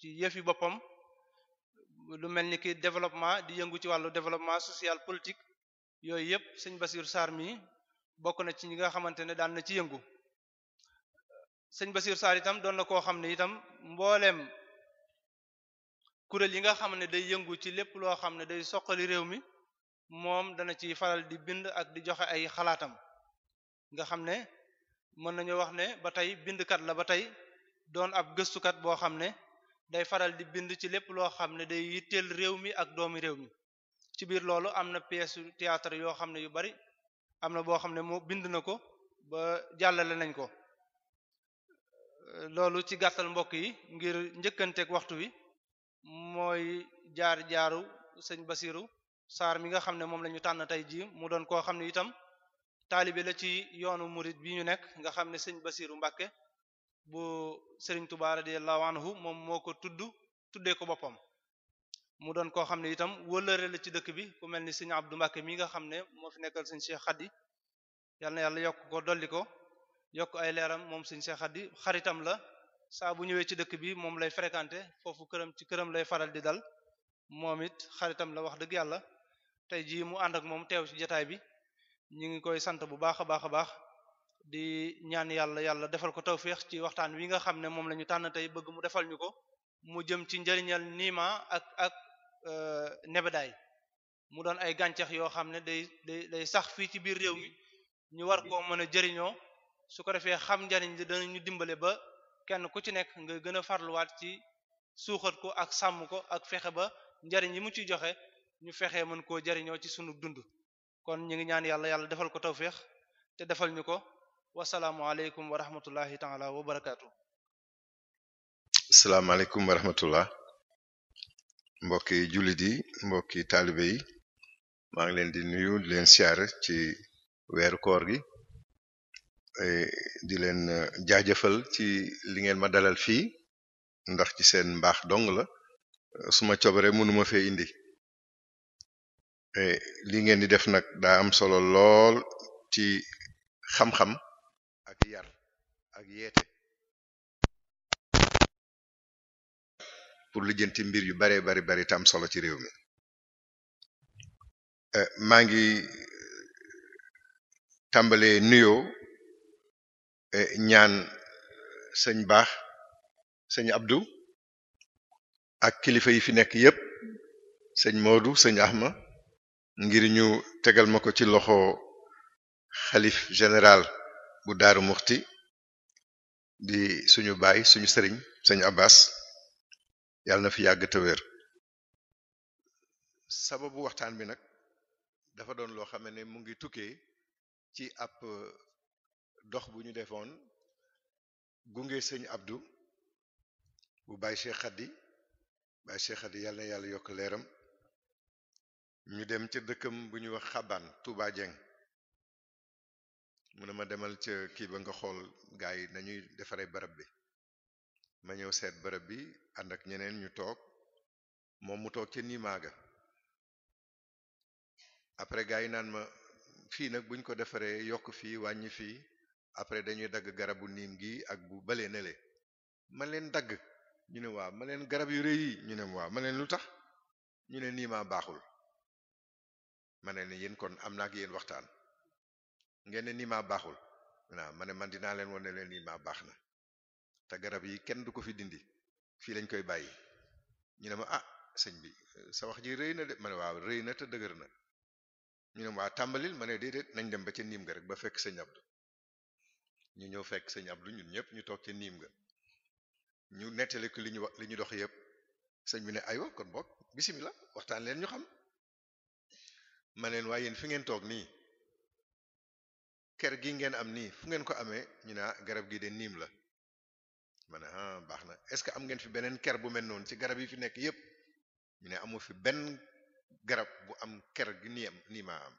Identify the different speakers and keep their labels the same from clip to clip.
Speaker 1: ci yëf boppam lu mel ni ki développement di yëngu ci wàllu développement social politique yooyu yëpp sëñ Basir Sarr mi bokk na ci ñi nga xamante ne daan na ci yëngu sëñ Basir Sarr itam doon na koo xam ne itam mbooleem kuréel yi nga xam ne day yëngu ci lépp loo xam ne day soqali réew mi moom dana ci faral di bind ak di joxe ay xalaatam nga xam ne mën nañu wax ne ba tey bindkat la ba tey doon ab gëstukat boo xam ne day faral di bind ci lépp loo xam ne day yitteel réew mi ak doomi réew mi ci biir loolu am na pièce théâtre yoo xam ne yu bari am na boo xam ne moo bind na ko ba jàllale nañ ko loolu ci gàttal mbokk yi ngir njëkkanteeg waxtu wi mooy jaar jaaru sëñ Basiru Saar mi nga xam ne moom la ñu tànn tey jii mu doon koo xam ne itam taalibe la ci yoonu murit bi ñu nekk nga xam ne sëñ Basiru Mbàkke bu Serigne Touba radiyallahu anhu moom moo ko tudd tuddee ko boppam mu doon koo xam ne itam wëllëre la ci dëkk bi ku mel ni Serigne Abdou Mbacké mi nga xam ne moo fi nekkal Serigne Cheikh Khady yal yàlla yokk ko dolli ko yokk ay leeram moom Serigne Cheikh Khady xaritam la saa bu ñëwee ci dëkk bi moom lay fréquenter foofu këram ci këram lay faral di dal moom it xaritam la wax dëgg yàlla tey jii mu ànd ak moom teew ci jotaay bi ñu ngi koy sant bu baax a baax a baax di ñaan yàlla yàlla defal ko tawféex ci waxtaan wi nga xam ne moom la ñu tànn tey bëgg mu defal ñu ko mu jëm ci njariñal niima ak ak euh, nebedaay mu doon ay gàncax yoo xam ne day day day sax fii ci biir réew mi ñu war koo mën a jëriñoo su ko defee xam njariñ li danañu dimbale ba kenn ku ci nekk nga gën a farluwaat ci suuxat ko ak sàmm ko ak fexe ba njariñ yi mu ciy joxe ñu fexe mën koo jariñoo ci sunu dund kon ñu ngi ñaan yàlla yàlla defal ko tawféex te defal ko wasalaamualeykum wa rahmatullahi taala wa barakaatu.
Speaker 2: asalaamaaleykum wa rahmatullah mbokki jullit yi mbokki taalibe yi maa ngi leen di nuyu di leen siyaare ci weeru koor gi eh, di leen eh, jaajëfal ci li ngeen ma dalal fii ndax ci seen mbaax dong la eh, suma cobare mënuma fee indi li ngeen di def nag daa am solo lool ci xam-xam yeete pour lijjanti mbir yu bare bari bari tam solo ci réew mi eh, maa ngi eh, tàmbalee nuyoo eh, ñaan sëñ baax sëñ Abdou ak kilifa yi fi nekk yépp sëñ Modou sëñ Ahma ngir ñu tegal ma ko ci loxo xalif général bu Daaru Muxti di suñu baay suñu sëriñ sëñ Abbas yàlla na fi yàgg te wér sababu waxtaan bi nag dafa doon loo xam ne mu ngi tukkee ci ab euh, dox bu ñu defoon gunge sëñ abdu bu baay Cheikh Khady baay Cheikh Khady yàlla na yàlla yokk leeram ñu dem ca dëkkam bu ñuy wax xabaan Touba Dieng mu ne ma demal ca kii ba nga xool gaa yi nañuy defaree barab bi ma ñëw seet barab bi ànd ak ñeneen ñu toog moom mu toog ca nii maaga après gaa yi naan ma fii nag buñ ko defaree yokk fii wàññi fii après dañuy dagg garabu niim gi ak bu balee nele ma leen dagg ñu ne waaw ma garab yu rëy yi ñu ne waaw ma lu tax ñu ne niimaa baaxul ma ne yéen kon am na ak yéen waxtaan ngeen ne nii maa baaxul waaw ma ne man dinaa leen wan ne leen nii maa baax na te garab yi kenn du ko fi dindi fii lañ koy bàyyi ñu ne ma a ah, sëñ bi sa wax ji rëy na de ma ne waaw rëy na te dëgër na ñu ne ma waa tàmbalil ma ne déedéet nañ dem ba ca niim ga rek ba fekk sëñ Abdou ñu ñëw fekk sëñ Abdou ñun ñëpp ñu toog ca niim ga ñu nettali ko li ñu dox yépp sëñ bi ne aywa kon bokk bisimilah waxtaan leen ñu xam ma leen waaye yéen fi ngeen toog nii. ker gi ngeen am nii fu ngeen ko amee ñu ne garab gi de niim la ma ne ah, baax na est-ce que am ngeen fi beneen ker bu mel noonu ci garab yi fi nekk yépp ñu ne amu fi benn garab bu am ker gi nii am nii am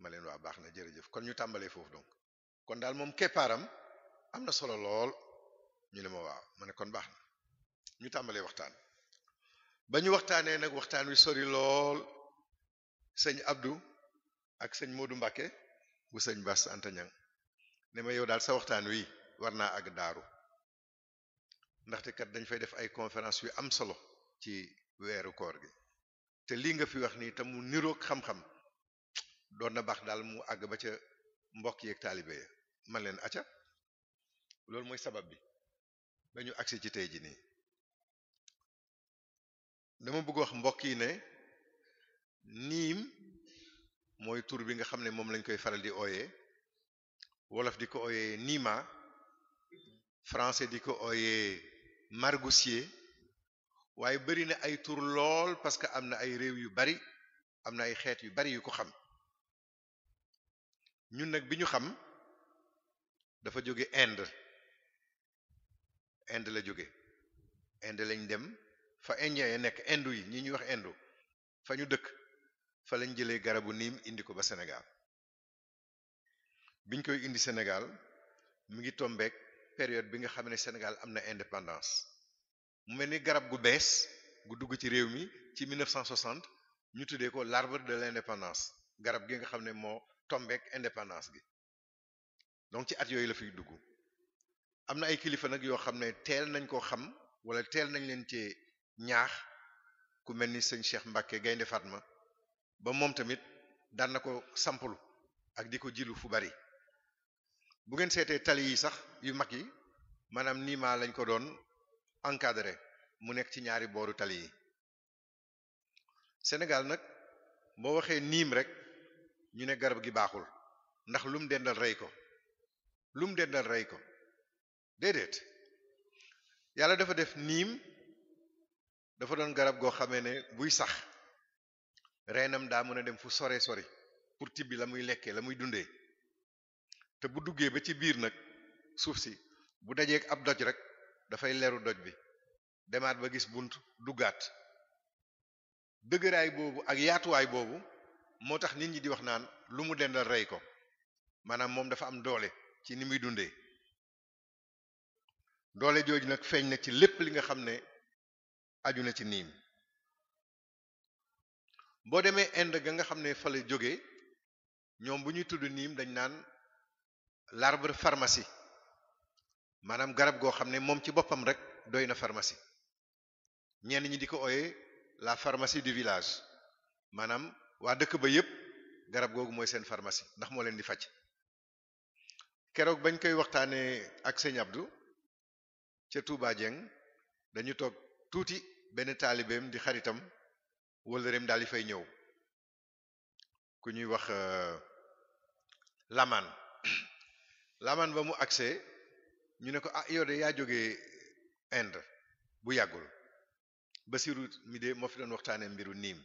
Speaker 2: ma leen waa baax na jër jëf kon ñu tàmbalee foofu donc kon daal moom keppaaram am na solo lool ñu ne ma waaw ma ne kon baax na ñu tàmbalee waxtaan ba ñu waxtaanee nag waxtaan wi sori lool sëñ Abdou ak sëñ Modou mbake bu sëñ Bass Anta Niang ne ma yow daal sa waxtaan wi war naa àgg daaru ndaxte kat dañ fay def ay conférence yu am solo ci weeru koor gi te lii nga fi wax nii te mu niroog xam-xam doon na baax daal mu àgg ba ca mbokk yeeg taalibe ya man leen acca loolu mooy sabab bi dañu ñu agsi ci tey ji nii dama bëgg wax mbokk yi ne niim mooy tur bi nga xam ne moom lañ koy faral di ooyee wolof di ko ooyee nima français di ko ooyee margousier waaye bari na ay tur lool parce que am na ay réew yu bari am na ay xeet yu bari yu ko xam ñun nag bi ñu xam dafa jóge Inde Inde la jóge Inde lañ dem fa indien ya nekk indu yi ñi ñuy wax indu fa ñu dëkk fa lañ jëlee garabu niim indi ko ba Sénégal biñ koy indi Sénégal mu ngi tombeek période bi nga xam ne Sénégal am na indépendance mu mel ni garab gu bees gu dugg ci réew mi ci 1960 ñu tuddee ko l'arbre de l'indépendance garab gi nga xam ne moo tombeek indépendance gi donc ci at yooyu la fiy dugg am na ay kilifa nag yoo xam ne teel nañ koo xam wala teel nañ leen ci ñaax ku mel ni sëñ Cheikh Mbacke Gaynde Fatma ba moom tamit daan na ko sampul ak di ko jilu fu bari bu ngeen seetee tali yi sax yu mag yi maanaam niimaa lañ ko doon encadré mu nekk ci ñaari booru tali yi Sénégal nag boo waxee niim rek ñu ne garab gi baaxul ndax lum dendal rey ko lum dendal rey ko déedéet yàlla dafa def niim dafa doon garab goo xamee ne buy sax reenam daa mën a dem fu sore sori pour tibbi la muy lekkee la muy dunde te bu duggee ba ci biir nag suuf si bu dajee ab doj rek dafay leru doj bi demaat ba gis bunt duggaat dëgëraay boobu ak yaatuwaay boobu moo tax nit ñi di wax naan lu mu dendal rey ko maanaam moom dafa am doole ci ni muy dundee doole jooju nag feeñ na ci lépp li nga xam ne aju na ci niim boo demee Inde ga nga xam ne fa la jógee ñoom bu ñuy tudd niim dañ naan l'arbre pharmacie maanaam garab goo xam ne moom ci boppam rek doy na pharmacie ñenn ñi di ko ooyee la pharmacie du village maanaam waa dëkk ba yépp garab googu mooy seen pharmacie ndax moo leen di faj keroog bañ koy waxtaanee ak sëñ Abdou ca Touba Dieng dañu toog tuuti benn taalibeem di xaritam wëllëreem daal di fay ñëw ku ñuy wax lamaan euh, lamaan ba mu agsee ñu ne ko ah yow de yaa jógee Inde bu yàggul Basiru mide moo fi doon waxtaanee mbiru niim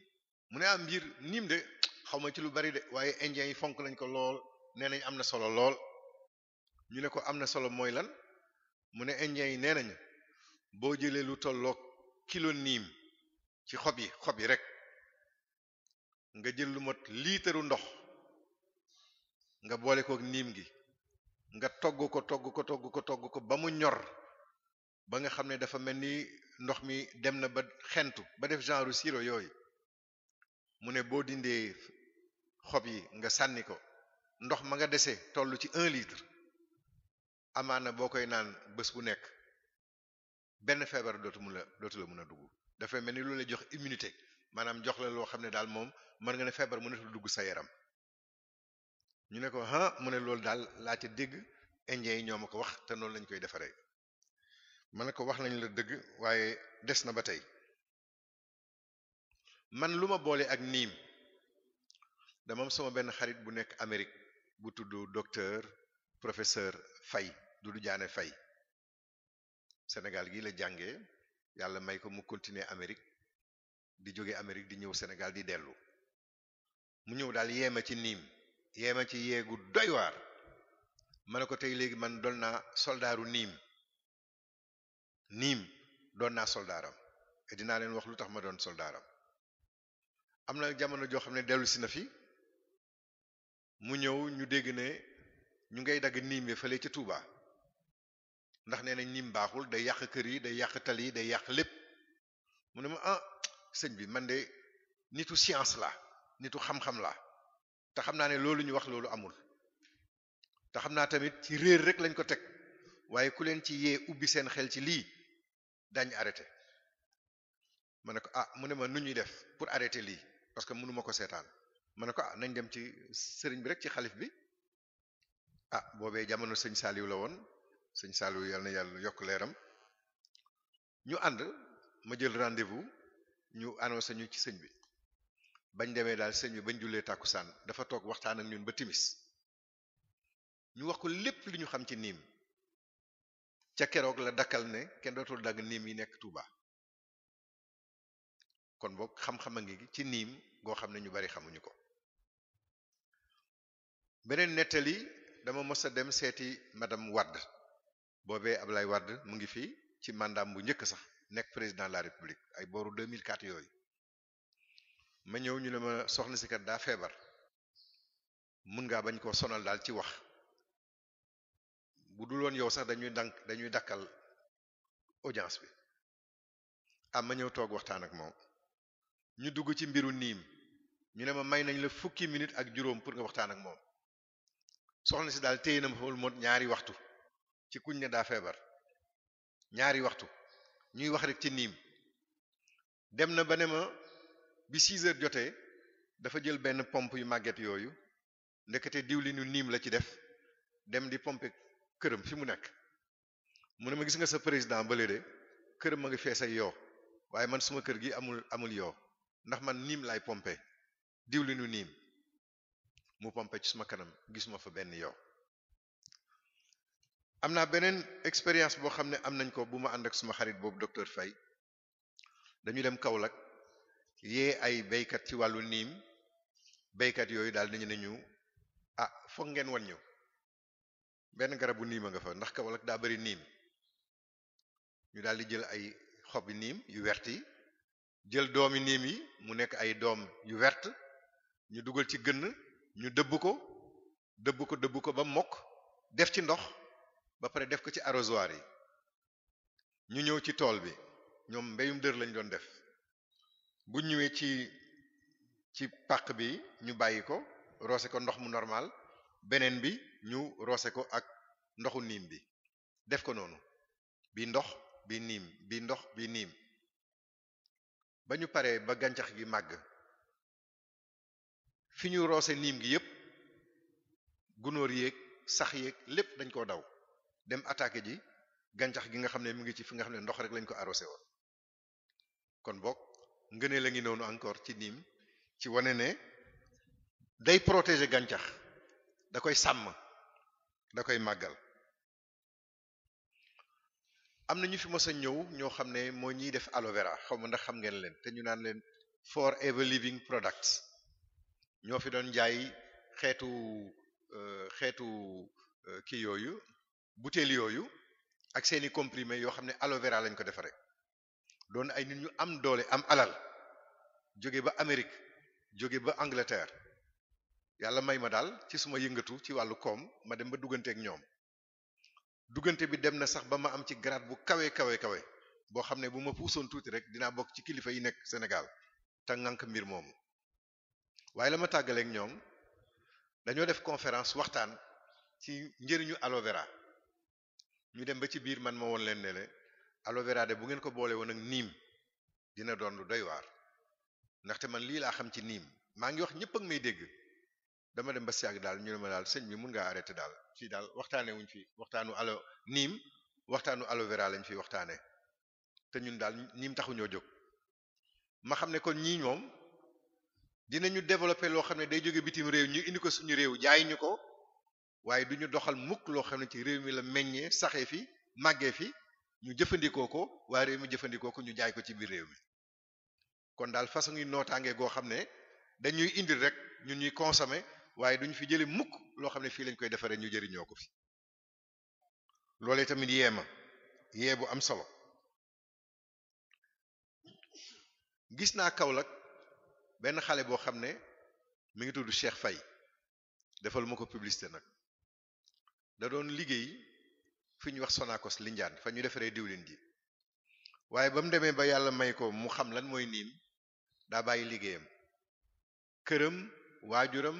Speaker 2: mu ne am ah, mbir niim de xaw ma ci lu bari de waaye indien yi fonk nañ ko lool nee nañ am na solo lool ñu ne ko am na solo mooy lan mu ne indien yi nee nañu boo jëlee lu tollook kilo niim ci xob yi xob yi rek nga jël lu mot liitaru ndox nga boole ko niim gi nga togg ko togg ko togg ko togg ko ba mu ñor ba nga xam ne dafa mel ni ndox mi dem na ba xentu ba def genre sirop yooyu mu ne boo dindee xob yi nga sànni ko ndox ma nga dese tollu ci un litre amaana boo koy naan bés bu nekk benn feebar dootu mu la dootu mën a dugg dafay mel ni lu lay jox immunité maanaam jox la loo xam ne daal moom mën nga ne feebar mënatul dugg sa yaram ñu ne ko ah mu ne loolu daal laa dégg indien yi ñoom ma ko wax te noonu lañ koy defaree ma ne ko wax nañ la dëgg waaye des na ba tey man lu ma boole ak niim dama am sama benn xarit bu nekk Amérique bu tudd docteur professeur Faye Doudou jaane Faye Sénégal gi la jàngee yàlla may ko mu continuer Amérique di jóge Amérique di ñëw senegal di dellu mu ñëw daal yéema ci niim yéema ci yeegu doy waar ma ne ko tey léegi man doon naa soldaaru niim niim doon naa soldaaram te dinaa leen wax lu tax ma doon soldaaram am na jamono joo xam ne dellusi na fi mu ñëw ñu dégg ne ñu ngay dagg niim yi fële ca Touba. ndax nee nañ nim baaxul day yàq kër yi day yàq tali yi day yàq lépp mu ne ma ah sëñ bi man de nitu science la nitu xam-xam la te xam naa ne loolu ñu wax loolu amul te xam naa tamit ci réer rek lañ ko teg waaye ku leen ci yee ubbi seen xel ci lii daañ arrêté ma ne ko ah mu ne ma nu ñuy def pour arrêter lii parce que mënuma ko seetaan ma ne ko ah nañ dem ci sëriñ bi rek ci xalif bi ah boobee jamono sëñ Saliou la woon sëñ Saliou yal na yàlla yokk leeram ñu ànd ma jël rendez ñu annoncé ñu ci sëñ bi bañ demee daal sëñ bi bañ jullee tàkkusaan dafa toog waxtaan ak ñun ba timis ñu wax ko lépp li ñu xam ci niim ca keroog la dakkal ne kenn dootul dagg niim yi nekk Touba kon boog xam-xam a ngi ci niim goo xam ne ñu bari xamuñu ko beneen nettali dama mës a dem seeti madame Wade boobee lay Wade mu ngi fii ci mandaam bu njëkk sax nekk président de la république ay booru 2004 yooyu ma ñëw ñu ne ma soxna si kat daa feebar mun ngaa bañ koo sonal daal ci wax bu dul woon yow sax dañuy dank dañuy dakkal audience bi am ah, ma ñëw toog waxtaan ak moom ñu dugg ci mbiru niim ñu ne ma may nañ la fukki minute ak juróom pour nga waxtaan ak moom soxna si daal téye na ma moo ñaari waxtu ci kuñ ne daa feebar ñaari waxtu ñuy wax rek ci niim dem na ba ne ma bi six heures jotee dafa jël benn pompe yu màgget yooyu ndekete diwlinu niim la ci def dem di pompe këram fi mu nekk mu ne ma gis nga sa président ba de këram ma ngi fees ay yoo waaye man suma kër gi amul amul yoo ndax man niim laay pompe diwlinu niim mu pompe ci suma kanam gisuma fa benn yoo am naa beneen expérience boo xam ne am nañ ko bu ma ànd ak suma xarit boobu docteur Faye dañu dem Kaolack yee ay béykat ci wàllu niim béykat yooyu daal dañu ne ñu ah foog ngeen wan ñu benn garabu niim a nga fa ndax Kaolack daa bari niim ñu daal di jël ay xobi niim yu wert jël doomi niim yi mu nekk ay doom yu wert ñu dugal ci gënn ñu dëbb ko dëbb ko dëbb ko ba mokk def ci ndox ba pare def ko ci arrosoir yi ñu ñëw ci tool bi ñoom mbéyum dër lañ doon def bu ñëwee ci ci pàq bi ñu bàyyi ko roose ko ndox mu normal beneen bi ñu roose ko ak ndoxu niim bi def ko noonu bi ndox bi niim ndox bi niim ba ñu paree ba gàncax gi màgg fi ñu roose niim gi yépp gunóor yéeg sax yéeg lépp dañ koo daw dem attaque ji gàncax gi nga xam ne mi ngi ci fi nga xam ne ndox rek lañ ko arrosé woon kon book ngënee la ngi noonu encore ci niim ci wane ne day protéger gàncax da koy sàmm da koy màggal am na ñu fi mës a ñëw ñoo xam ne moo ñuy def aloe vera xaw ma ndax xam ngeen leen te ñu naan leen forever living products ñoo fi doon njaay xeetu euh, xeetu euh, kii yooyu butéel yooyu ak seeni comprimé yoo xam ne aloe vera lañ ko defaree doon ay nit ñu am doole am alal jóge ba Amérique jóge ba Angleterre yàlla may ma daal ci suma yëngatu ci wàllu koom ma dem ba dugganteek ñoom duggante bi dem na sax ba ma am ci grade bu kawe kawe kawe boo xam ne bu ma puusoon tuuti rek dinaa bokk ci kilifa yi nekk senegal ta ŋànk mbir moomu waaye lama ma tàggaleek ñoom dañoo def conférence waxtaan ci njëriñu aloe ñu dem ba ci biir man ma woon leen ne le aloe bu ngeen ko boole woon ak niim dina doon lu doy waar ndaxte man lii laa xam ci niim maa ngi wax ñëpp ak may dégg dama dem ba siàgg daal ñu ne ma daal sëñ bi mun ngaa arrêté daal fii daal waxtaane fi waxtaanu alo niim waxtaanu aloe lañ fi waxtaane te ñun daal niim taxuñoo jóg ma xam ne kon ñii moom dinañu développer loo xam ne day jóge bitim réew ñu indi ko suñu réew jaay ñu ko waaye du ñu doxal mukk loo xam ne ci réew mi la meññee saxee fi màggee fi ñu jëfandikoo ko waaye réew mi jëfandikoo ko ñu jaay ko ci biir réew mi kon daal façon yi nootaange goo xam ne dañuy indil rek ñu ñuy consommer waaye duñu fi jëli mukk loo xam ne fii lañ koy defaree ñu jëriñoo ko fi loole tamit yee ma yee bu am solo gis naa kaw lag benn xale boo xam ne mu ngi tudd Cheikh fay defal ma ko publicité nag da doon liggéey fi ñu wax Sonacos linjaan fa ñu defaree diwlin ji waaye ba mu demee ba yàlla may ko mu xam lan mooy niim daa bàyyi liggéeyam këram waajuram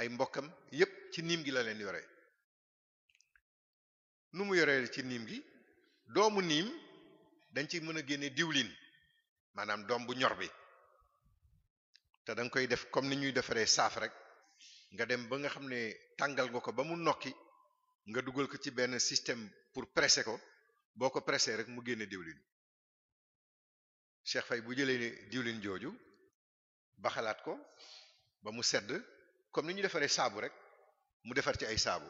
Speaker 2: ay mbokkam yépp ci niim gi la leen yore nu mu yoree ci niim gi doomu niim dañ ci mën a génne diwlin maanaam doom bu ñor bi te da koy def comme ni ñuy defaree saaf rek nga dem ba nga xam ne tàngal nga ko ba mu nokki nga dugal ko ci benn système pour pressé ko boo ko pressé rek mu génne diwlin Cheikh Faye bu jëlee diwlin jooju ba xalaat ko ba mu sedd comme ni ñu defaree saabu rek mu defar ci ay saabu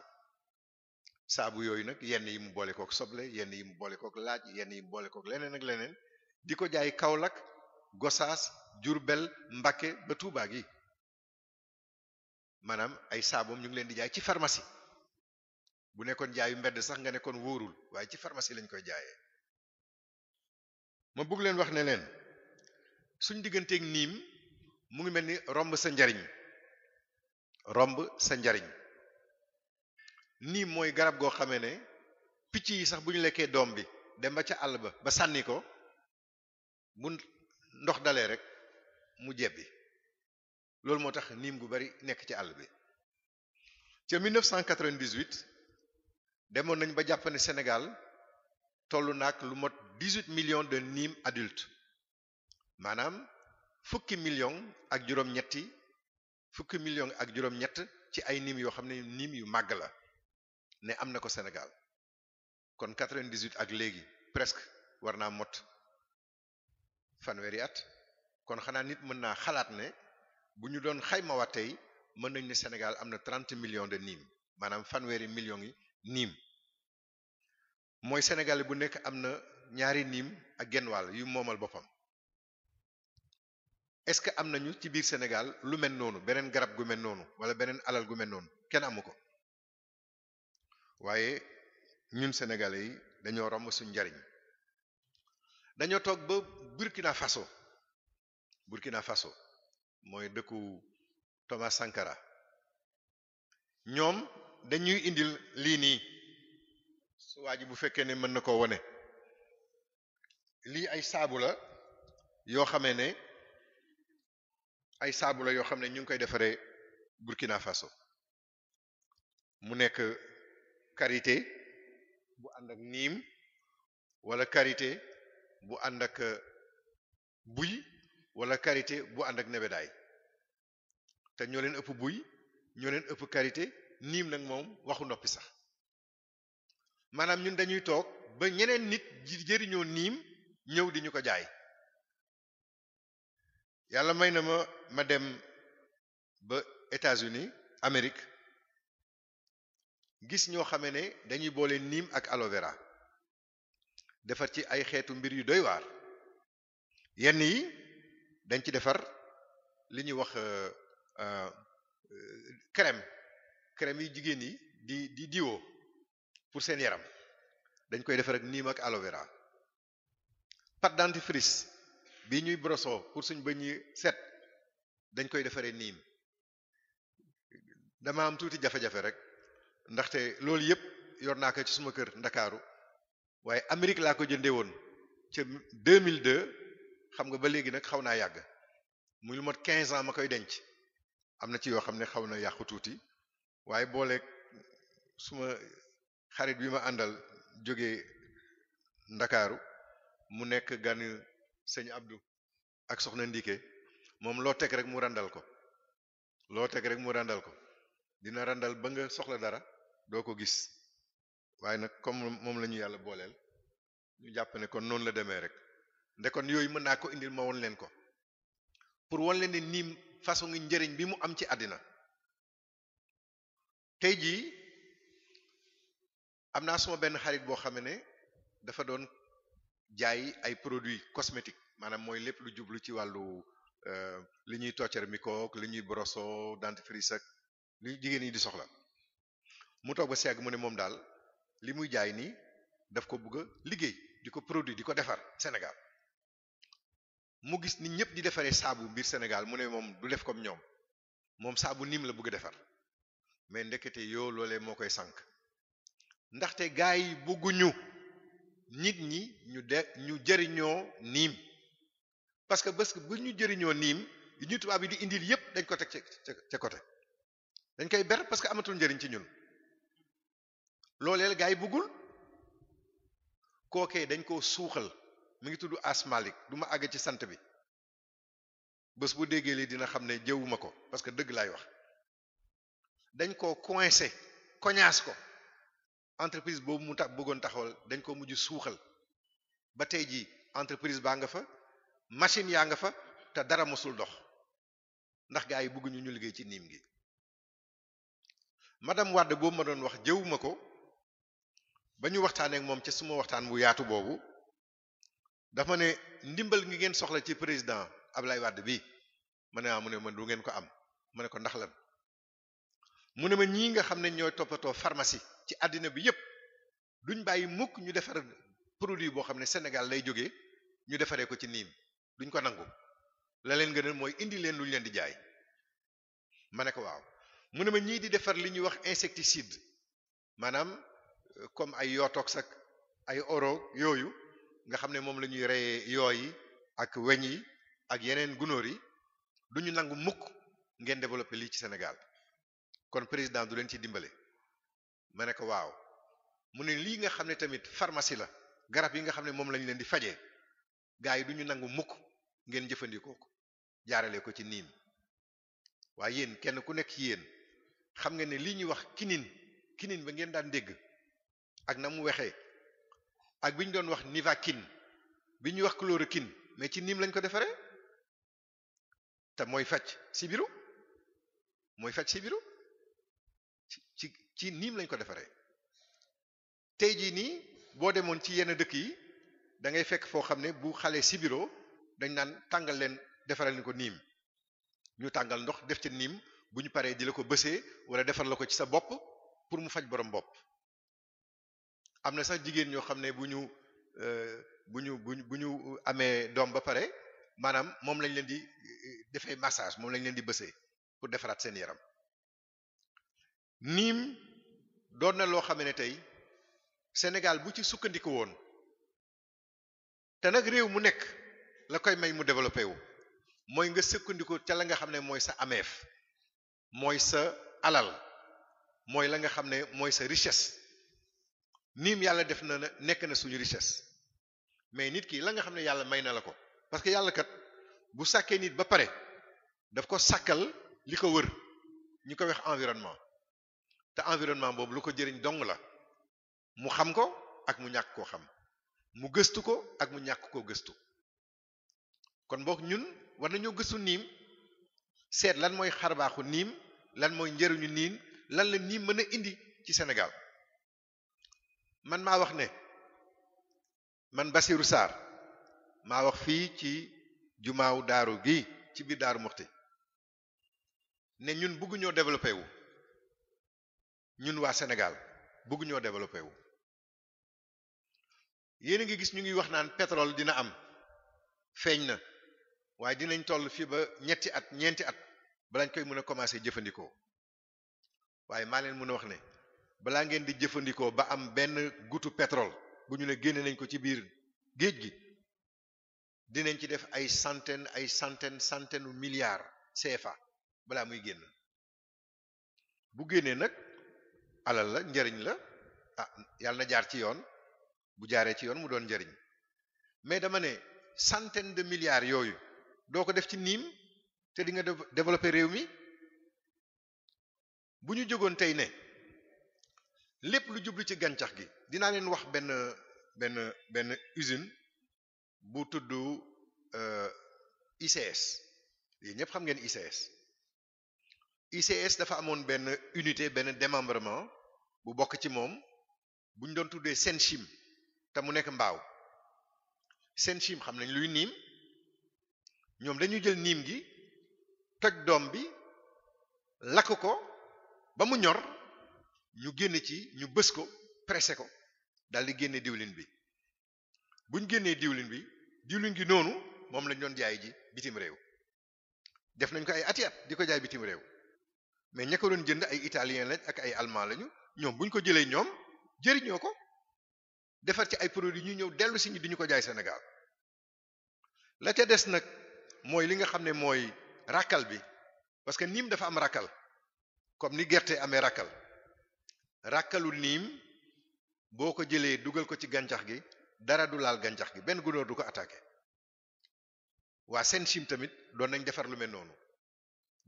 Speaker 2: saabu yooyu nag yenn yi mu boole kook soble yenn yi mu boole kook laaj yenn yi mu boole kook leneen ak leneen di ko jaay kaw Kaolack Gosaas Jurbel Mbakke ba Tuubaa gi maanaam ay saaboom ñu ngi leen di jaay ci pharmacie bu nekkoon jaayu mbedd sax nga nekkoon wóorul waaye ci pharmacie lañ koy jaayee ma bëgg leen wax ne leen suñ digganteeg niim mu ngi mel ni romb sa njariñ romb sa njariñ niim mooy garab goo xamee ne picc yi sax bu ñu lekkee doom bi dem ba ca àll ba ba sànni ko bu ndox dalee rek mu jebbi loolu moo tax niim gu bari nekk ci àll bi ca 1998 demoon nañ ba jàpp ne Sénégal toll naag lu mot dix-huit de nimes adulte maanaam fukki million ak juróom-ñetti fukki million ak juróom-ñett ci ay nimes yoo xam ne niim yu màgg la ne am na ko Sénégal kon quatre vingt dix ak léegi presque war naa mot fanweeri at kon xanaa nit mën naa xalaat ne bu ñu doon xayma waa tey mën nañ ne Sénégal am na trente millions de niim maanaam fanweeri millions yi niim mooy sénégalais bu nekk am na ñaari niim ak genn wàll yu moomal boppam est-ce que am nañu ci biir Sénégal lu mel noonu beneen garab gu mel noonu wala beneen alal gu mel noonu kenn amu ko waaye ñun sénégalais yi dañoo romb suñ njariñ dañoo toog ba Burkina Faso Burkina Faso mooy dëkku Thomas Sankara ñoom dañuy indi lii nii su waa bu fekkee ne mën na koo wone lii ay saabu la yoo xamee ne ay saabu la yoo xam ne ñu ngi koy defaree Burkina Faso mu nekk quarité bu ànd niim wala quarité bu ànd ak euh, buy wala karité bu ànd ak nebedaay te ñoo leen ëpp buy ñoo leen ëpp karité niim nag moom waxu noppi sax maanaam ñun dañuy toog ba ñeneen nit jëriñoo niim ñëw di ñu ko jaay yàlla may na ma ma dem ba États-Unis gis ñoo xamee ne dañuy boole niim ak aloe defar ci ay xeetu mbir yu doy waar yenn yi dañ ci defar li ñuy wax euh, euh, crème crème yu jigéen yi di di diwoo pour seen yaram dañ koy defar ak niim ak aloe vera pâte bi ñuy broso pour suñ bëñ yi set dañ koy defaree niim dama am tuuti jafe-jafe rek ndaxte loolu yëpp yor naa ko ci suma kër ndakaaru waaye Amérique laa ko jëndee woon ca 2002 xam nga ba léegi nag xaw naa yàgg muy lu mot 15 ans ma koy denc am na ci yoo xam ne xaw na yàqu tuuti waaye booleek suma xarit bi ma àndal jóge ndakaaru mu nekk gan sëñ Abdou ak soxna Ndike moom loo teg rek mu randal ko loo teg rek mu randal ko dina randal ba nga soxla dara doo ko gis waaye nag comme moom la ñu yàlla booleel ñu jàpp ne kon noonu la demee rek nde kon yooyu mën naa ko indil ma won leen ko pour won leen ne nii façon ngi njëriñ bi mu am ci àddina tey jii am naa suma benn xarit boo xam ne dafa doon jaay ay produits cosmétiques maanaam mooy lépp lu jublu ci wàllu euh, li ñuy toccer mikook li ñuy broso dentifrice ak li jigéen ñi di soxla mu toog ba segg mu ne moom daal li muy jaay nii daf ko bëgg liggéey di ko produit di ko defar Sénégal mu gis ni ñëpp di defaree saabu biir Sénégal mu ne moom du def kom ñoom moom saabu niim la bëgg a defar mais ndekete yoo loolee moo koy sànq ndaxte gaa yi bëgguñu nit ñi ñu de ñu jëriñoo niim parce que parce que bu ñu jëriñoo niim yi ñu tubaab yi di indil yépp dañ ko teg ca côté dañ koy ber parce que amatul njëriñ ci ñun looleel gaa yi bëggul kookee dañ koo suuxal mu ngi tudd asmalik duma àgg ci sant bi bés bu déggee lii dina xam ne jëwuma ko parce que dëgg laay wax dañ koo coincé koñaas ko entreprise boobu mu tax bëggoon taxawal dañ koo mujj suuxal ba tey jii entreprise baa nga fa machine yaa nga fa te dara mosul dox ndax gaa yi bëgguñu ñu liggéey ci niim gi madame Wade boobu ma doon wax jëwuma ko ba ñu waxtaaneek moom ca suma waxtaan bu yaatu boobu dafa ne ndimbal ngi ngeen soxla ci président ab Ablaye Wade bi ma ne ah mu ne man du ngeen ko am ma ne ko ndax la mu ne ma ñii nga xam ne ñoo toppatoo pharmacie ci àddina bi yépp duñ bàyyi mukk ñu defar produit boo xam ne Sénégal lay jóge ñu defaree ko ci niim duñ ko nangu la leen gënal mooy indi leen luñ leen di jaay ma ne ko waaw mu ne ma ñii di defar li ñuy wax insecticide maanaam euh, comme ay yootox ak ay oro yooyu nga xam ne moom la ñuy reyee yoo yi ak weñ yi ak yeneen gunóor yi duñu nangu mukk ngeen développé lii ci Sénégal kon président du leen ci dimbale ma ne ko waaw mu ne lii nga xam ne tamit pharmacie la garab yi nga xam ne moom lañ leen di fajee gaa yi du ñu nangu mukk ngeen jëfandikoo ko jaarale ko ci niim waaye yéen kenn ku nekk yéen xam nga ne lii ñuy wax kiniin kinin ba ngeen daan dégg ak na mu waxee ak bi ñu doon wax kin bi ñuy wax kin mais ci niim lañ ko defaree te mooy faj sibiru mooy faj sibiru ci niim lañ ko defaree tey jii nii boo demoon ci yenn dëkk yi da ngay fekk foo xam ne bu xale sibiro dañ naan tàngal leen defaral ni ko niim ñu tàngal ndox def ci niim bu ñu paree di la ko bësee wala defar la ko ci sa bopp pour mu faj boroom bopp am na sax jigéen ñoo xam ne bu ñu euh, bu ñu bu ñu bu ñu amee doom ba pare maanaam moom lañ leen di euh, defee massage moom lañ leen di bësee pour defaraat seen yaram niim doon na loo xam ne tey Sénégal bu ci sukkandiku woon te nag réew mu nekk la koy may mu développé wu mooy nga sukkandiku ca la nga xam ne mooy sa ameef mooy sa alal mooy la nga xam ne mooy sa richesse niim yàlla def na nekk na suñu richesse mais nit ki la nga xam ne yàlla may na la ko parce que yàlla kat bu sàkkee nit ba pare daf ko sàkkal li ko wër ñu ko wax environnement te environnement boobu lu ko jëriñ dong la mu xam ko ak mu ñàkk koo xam mu gëstu ko ak mu ñàkk koo gëstu kon boog ñun war nañoo gëstu niim seet lan mooy xarbaaxu niim lan mooy njëriñu niin lan la niim mën a indi ci senegal man maa wax ne man Bassirou Sarr maa wax fii ci jumaaw daaru gi ci biir daaru muxti ne ñun bugguñoo développé wu ñun waa senegaal bëgg ñoo développé wu a ngi gis ñu ngi wax naan pétrole dina am feeñ na waaye dinañ toll fii ba ñetti at ñeenti at balañ koy mën a commencé jëfandikoo waaye maa leen mën a wax ne balaa ngeen di jëfandikoo ba am benn gutu pétrole bu ñu ne génne nañ ko ci biir géej gi dinañ ci def ay centaine ay centaine centaine u milliards CFA balaa muy génn bu génnee nag alal la njariñ la ah yàlla jaar ci yoon bu jaaree ci yoon mu doon njariñ mais dama ne centaine de milliards yooyu doo ko def ci niim te di nga développer réew mi bu ñu jógoon tey ne lépp lu jublu ci gàncax gi dinaa leen wax benn benn benn usine bu tudd euh, ICS lii ñépp xam ngeen ICS ICS dafa amoon benn unité benn démembrement bu bokk ci moom buñ doon tuddee seen chim te mu nekk mbaaw seen chim xam nañ luy niim ñoom dañuy jël niim gi toj doom bi lakk ko ba mu ñor ñu génn ci ñu bës ko pressé ko daal di génne diwlin bi buñ génnee diwlin bi diwlin gi noonu moom lañ doon jaay ji bitim réew def nañ ko ay ati at di ko jaay bitim réew mais ña doon jënd ay italien lañ ak ay allemand lañu ñoom bu ñu ko jëlee ñoom jëriñoo ko defar ci ay produits ñu ñëw dellu si ñu di ñu ko jaay senegal la ca des nag mooy li nga xam ne mooy rakkal bi parce que niim dafa am rakkal comme ni gerte amee rakkal rakkalu niim boo ko jëlee dugal ko ci gàncax gi dara du laal gàncax gi benn gunóor du ko attaqué waa seen chim tamit doon nañ defar lu mel noonu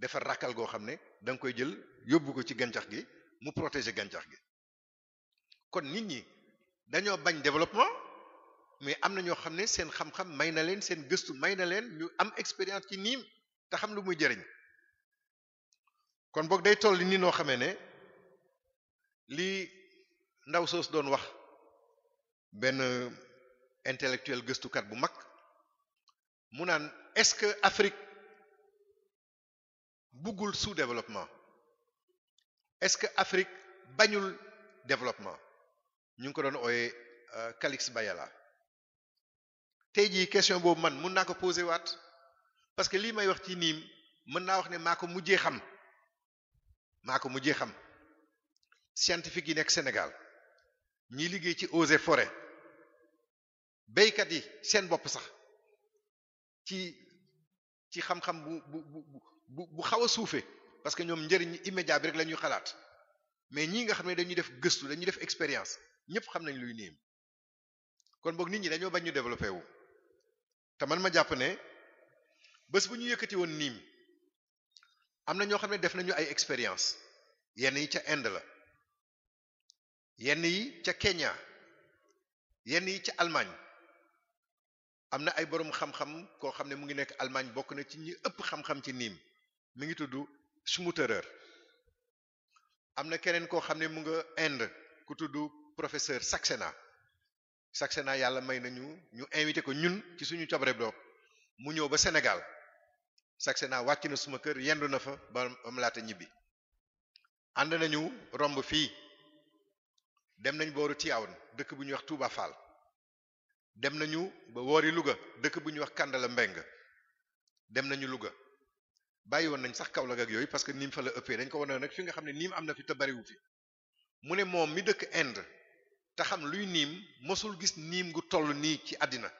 Speaker 2: defar rakkal goo xam ne da nga koy jël yóbbu ko ci gàncax gi. mu protéger gàncax gi kon nit ñi dañoo bañ développement mais am na ñoo xam ne seen xam-xam may na leen seen gëstu may na leen ñu am expérience ci nii te xam lu muy jëriñ kon boog day toll nii noo xamee ne lii ndaw soos doon wax benn intellectuel gëstukat bu mag mu naan est-ce que Afrique buggul sous-développement est-ce que Afrique bañul développement ñu ngi ko doon ooyee euh, Calix Bayala tey jii question boobu man mun naa ko poser waat parce que lii may wax ci niim mën naa wax ne maa ko mujjee xam maa ko xam scientifique yi nekk Sénégal ñi liggéey ci eaux et forêt béykat yi seen bopp sax ci ci xam-xam bu bu bu bu xaw a suufee parce que ñoom njëriñ immédiat bi rek la ñuy xalaat mais ñii nga xam ne dañuy def gëstu dañuy def expérience ñëpp xam nañ luy niim kon boog nit ñi dañoo bañ ñu développé wu te man ma jàpp ne bés bu ñu yëkkati woon niim am na ñoo xam ne def nañu ay expérience yenn yi ca Inde la yenn yi ca Kenya yenn yi ca Allemagne am na ay boroom xam-xam koo xam ne mu ngi nekk Allemagne bokk na ci ñi ëpp xam-xam ci niim mi ngi tudd Schmutterer am na keneen koo xam ne mu nga Inde ku tudd professeur Saxena Saxena yàlla may nañu ñu invité ko ñun ci suñu cobre bopp mu ñëw ba Sénégal Saxena wàcc na suma kër yendu na fa ba am laata ñibbi ànd nañu romb fii dem nañ booru Tivaouane dëkk bu ñuy wax Touba Fall dem nañu ba woori Louga dëkk bu ñuy wax Kandala Mbeng dem nañu Louga bàyyi woon nañ sax Kaolack ak yooyu parce que niim fa la ëppee dañ ko wane nag fi nga xam ne niim am na fi te bariwu fi mu ne moom mi dëkk Inde te xam luy niim mosul gis niim gu toll nii ci àddina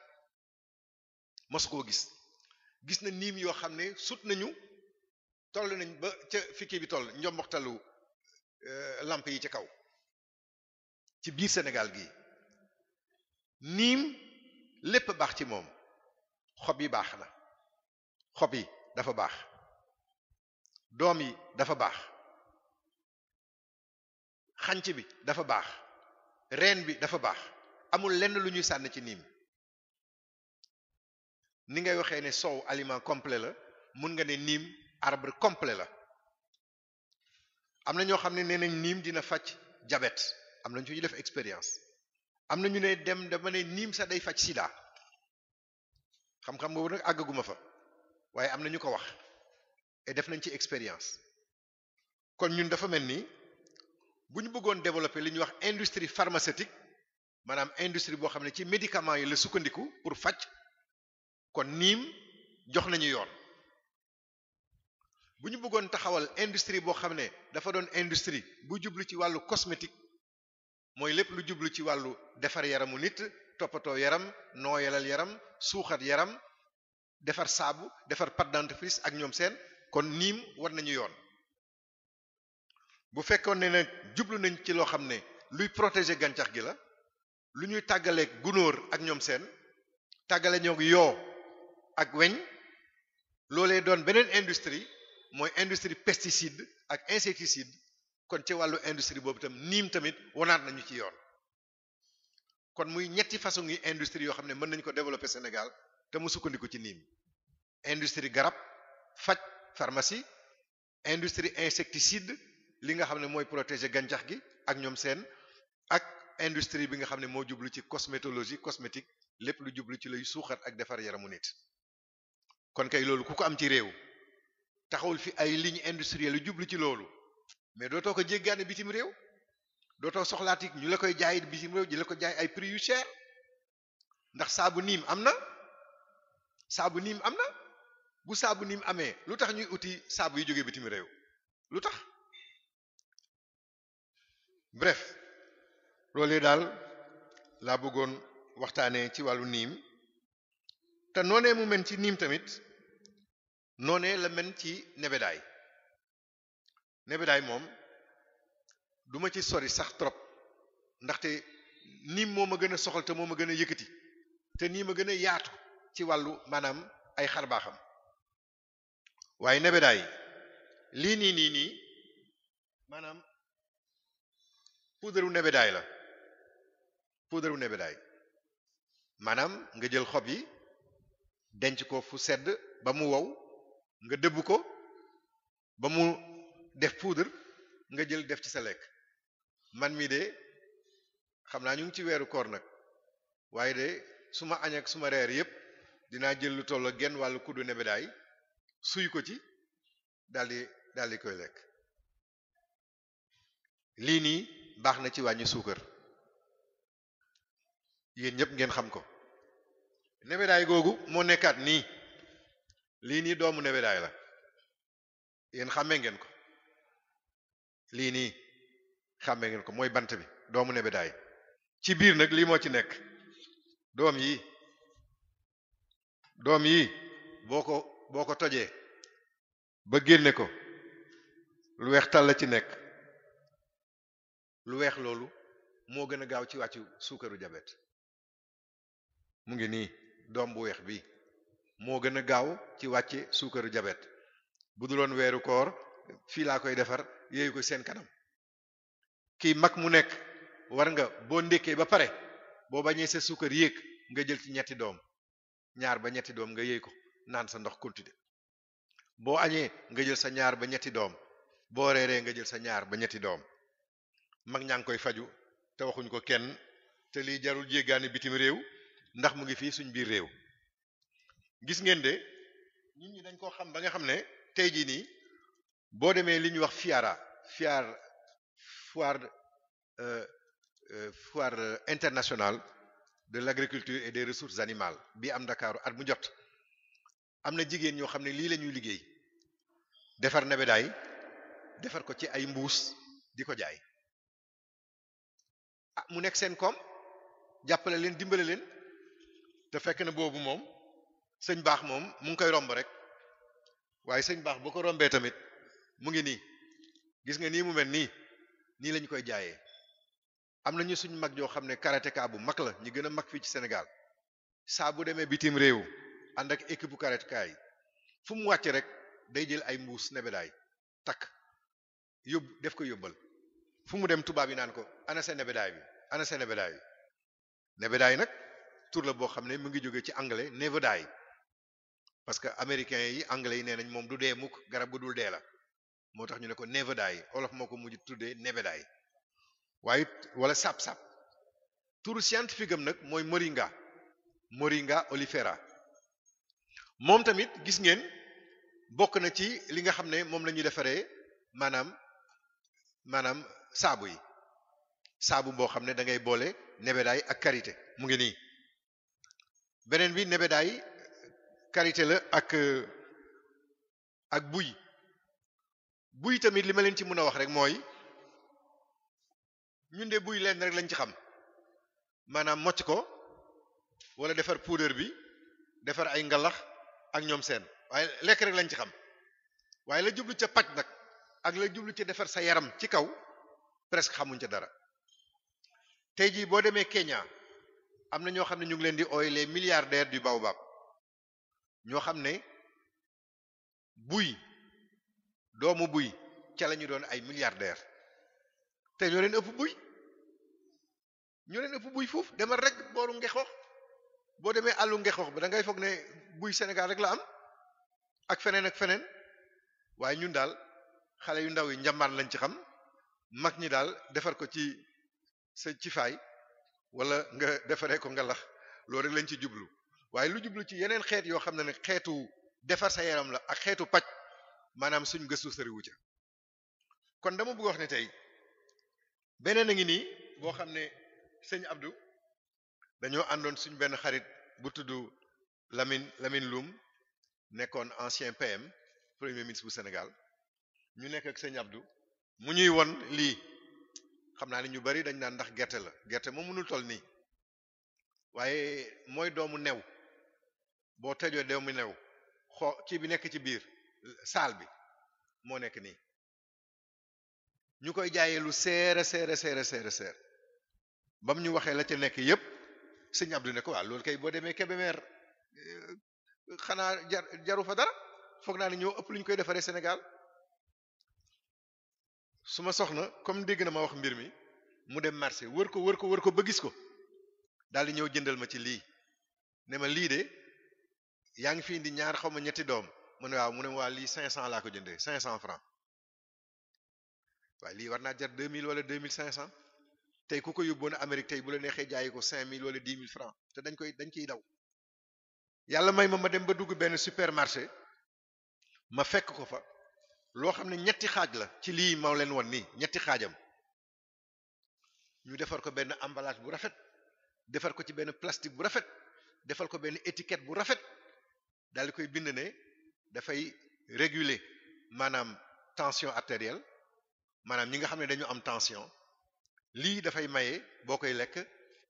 Speaker 2: mos koo gis gis na niim yoo xam ne sut nañu toll nañ ba ca fikki bi toll njomboxtalu euh, làmp yi ci kaw ci biir senegal gi niim lépp baax ci moom xob yi baax na xob yi dafa baax doom yi dafa baax xànc bi dafa baax reen bi dafa baax amul lenn lu ñuy sànn ci niim ni ngay waxee ne soow aliment complet la mun nga ne niim arbre complet la am na ñoo xam ne nee nañ niim dina faj jabet am na ñu def expérience am na ñu ne dem dama ne niim sax day faj sida xam-xam boobu nag àggaguma fa waaye am na ñu ko wax def nañ ci expérience kon ñun dafa mel ni bu ñu bëggoon développé li ñuy wax industrie pharmaceutique maanaam industrie boo xam ne ci médicament yi la sukkandiku pour faj kon niim jox nañu yoon bu ñu bëggoon taxawal industrie boo xam ne dafa doon industrie bu jublu ci wàllu cosmétique mooy lépp lu jublu ci wàllu defar yaramu nit toppatoo yaram nooyalal yaram suuxat yaram defar saabu defar pâte dentifrice ak ñoom seen kon niim war nañu yoon bu fekkoon ne nag jublu nañ ci loo xam ne luy protéger gàncax gi la lu ñuy tàggaleeg gunóor ak ñoom seen tàggale ñoo yoo ak weñ loolee doon beneen industrie mooy industrie pesticide ak insecticide kon ci wàllu industrie boobu tam niim tamit wanaat nañu ci yoon kon muy ñetti façon yi industrie yoo xam ne mën nañu ko développer Sénégal te mu sukkandiku ci niim industrie garab faj pharmacie industrie insecticide li nga xam ne mooy protégé gàncax gi ak ñoom seen ak industrie bi nga xam ne moo jublu ci cosmétologie cosmétique lépp lu jublu ci lay suuxat ak defar yaramu nit kon kay loolu ku ko am ci réew taxawul fi ay ligne industrielle lu jublu ci loolu mais doo dootoo ko jéggaane bitim réew dootoo soxlaati ñu la koy jaayit bitim réew ji la ko jaay ay prix yu cher ndax saabu niim am na saabu niim am na bu saabu ni mu amee lu tax ñuy uti saabu yu jóge bitim réew lu tax bref loolee daal laa bëggoon waxtaanee ci wàllu niim te noonee mu men ci niim tamit noonee la men ci nebedaay nebedaay moom duma ci sori sax trop ndaxte niim moom a gën a soxal te moom a gën a yëkkati te nii ma gën a yaatu ci wàllu maanaam ay xarbaaxam waaye nebedaay lii nii nii nii maanaam puudaru nebedaay la poudre nebedaay maanaam nga jël xob yi denc ko fu sedd ba mu wow nga dëbb ko ba mu def poudre nga jël def ci sa lekk man mii de xam naa ñu ngi ci weeru koor nag waaye de su ma añ ak su ma reer yépp dinaa jël lu toll genn wàllu kuddu nebedaay suy ko ci daldi daldi koy lekk lii nii baax na ci wàññi suukar yéen ñépp ngeen xam ko nebedaay googu moo nekkaat nii lii nii doomu nebedaay la yéen xàmmee ngeen ko lii nii xàmmee ngeen ko mooy bant bi doomu nebedaay ci biir nag lii moo ci nekk doom yi doom yi boo ko boo ko tojee ba génne ko lu weex tal la ci nekk lu weex loolu moo gën a gaaw ci wàcc suukaru jabet mu ngi nii doom bu weex bi moo gën a gaaw ci wàcce suukaru jabet bu duloon weeru koor fii laa koy defar yéeyu ko seen kanam kii mag mu nekk war nga boo ndékkee ba pare boo bañee sa suukar yéeg nga jël ci ñetti doom ñaar ba ñetti doom nga yéey ko naan sa ndox continuer boo añee nga jël sa ñaar ba ñetti doom boo reeree nga jël sa ñaar ba ñetti doom mag ñaa ngi koy faju te waxuñ ko kenn te lii jarul jéggaani bitim réew ndax mu ngi fii suñ biir réew gis ngeen de ñun ñi dañ koo xam ba nga xam ne tey jii nii boo demee li ñuy wax fiara fiar foire euh, euh, foire internationale de l'agriculture et des ressources animales bi am Ndakaaru at mu jot am na jigéen ñoo xam ne lii lañuy liggéey defar nebedaay defar ko ci ay mbuus di ko jaay a ah, mu nekk seen koom jàppale leen dimbale leen te fekk na boobu moom sëñ baax moom mu ngi koy romb rek waaye sëñ baax boo ko rombee tamit mu ngi nii gis nga nii mu mel nii nii lañ koy jaayee am na ñu suñ mag joo xam ne karatéka bu mag la ñu gën a mag fii ci Sénégal saa bu demee bitim réew ànd ak équipe bu karet fu mu wàcc rek day jël ay mbuus nebedaay takk yob def ko yóbbal fu mu dem tubaab yi naan ko ana sa nebedaay bi ana nebedaay nebedaay nag tur la boo xam ne mu ngi jóge ci anglais nevedaay parce que américains yi anglais yi nee nañ moom du dee mukk garab gu dul dee la moo tax ñu ne ko nevedaay olof moo ko mujj tuddee nebedaay waaye wala sap-sap turu scientifique am nag mooy moringa moringa olifera moom tamit gis ngeen bokk na ci li nga xam ne moom la ñuy defaree maanaam maanaam saabu yi saabu boo xam ne dangay boole nebedaay ak karité mu ngi nii beneen bi nebedaay karité la ak ak buy buy tamit li ma leen ci mën a wax rek mooy ñun de buy leen rek lañ ci xam maanaam mocc ko wala defar puudar bi defar ay ngalax ak ñoom seen waaye lekk rek lañ ci xam waaye la jublu ca paj nag ak la jublu ci defar sa yaram ci kaw presque xamuñ ca dara tey jii boo demee Kenya am na ñoo xam ne ñu ngi leen di ooy les milliardaires du baobab ñoo xam ne buy doomu buy ca la doon ay milliardaires te ñoo leen ëpp buy ñoo leen ëpp buy foofu demal rek booru ngexoox boo demee àllu ngex wax ba da foog ne buy Sénégal rek la am ak feneen ak feneen waaye ñun daal xale yu ndaw yi njambaan lañ ci xam mag ñi daal defar ko ci sa ci faay wala nga defaree ko nga lax loolu rek lañ ci jublu waaye lu jublu ci yeneen xeet yoo xam ne ne xeetu defar sa yaram la ak xeetu paj maanaam suñ gëstu sëriwu ca kon dama bëgg wax ne tey beneen a ngi nii boo xam ne sëñ abdu dañoo àndoon suñ benn xarit bu tudd lamin Lamine Loum nekkoon ancien PM premier bu Sénégal ñu nekk ak sëñ Abdou mu ñuy won lii xam naa ni ñu bari dañ naan ndax gerte la gerte moom mënul toll nii waaye mooy doomu new boo tëjoo doomu new xoo kii bi nekk ci biir saal bi moo nekk nii ñu koy jaayee lu seere seere seere seere seer ñu waxee la ca nekk yépp sëñ Abdou ne ko waaw loolu kay boo demee kebe Kébémer eh, xanaa jar jaru fa dara foog naa ne ñoo ëpp lu ñu koy defaree Sénégal su ma soxna comme dégg na ma wax mbir mi mu dem marché wër ko wër ko wër ko ba gis ko daal di ñëw jëndal ma ci lii ne ma lii de yaa ngi fi indi ñaar xaw ma ñetti doom mu ne waaw mu ne waa lii 500 laa ko jëndee 500 francs waaye lii war naa jar 2000 wala 2500. tey ku ko yóbboon Amérique tey bu la neexee jaayi ko cinq mille wala dix mille francs te dañ koy dañ ciy daw yàlla may ma ma dem ba dugg benn supermarché ma fekk ko fa loo xam ne ñetti xaaj la ci lii ma leen won nii ñetti xaajam ñu defar ko benn emballage bu rafet defar ko ci benn plastique bu rafet defal ko benn étiquette bu rafet daal di koy bind ne dafay réguler maanaam tension artérielle maanaam ñi nga xam ne dañu am tension lii dafay maye boo koy lekk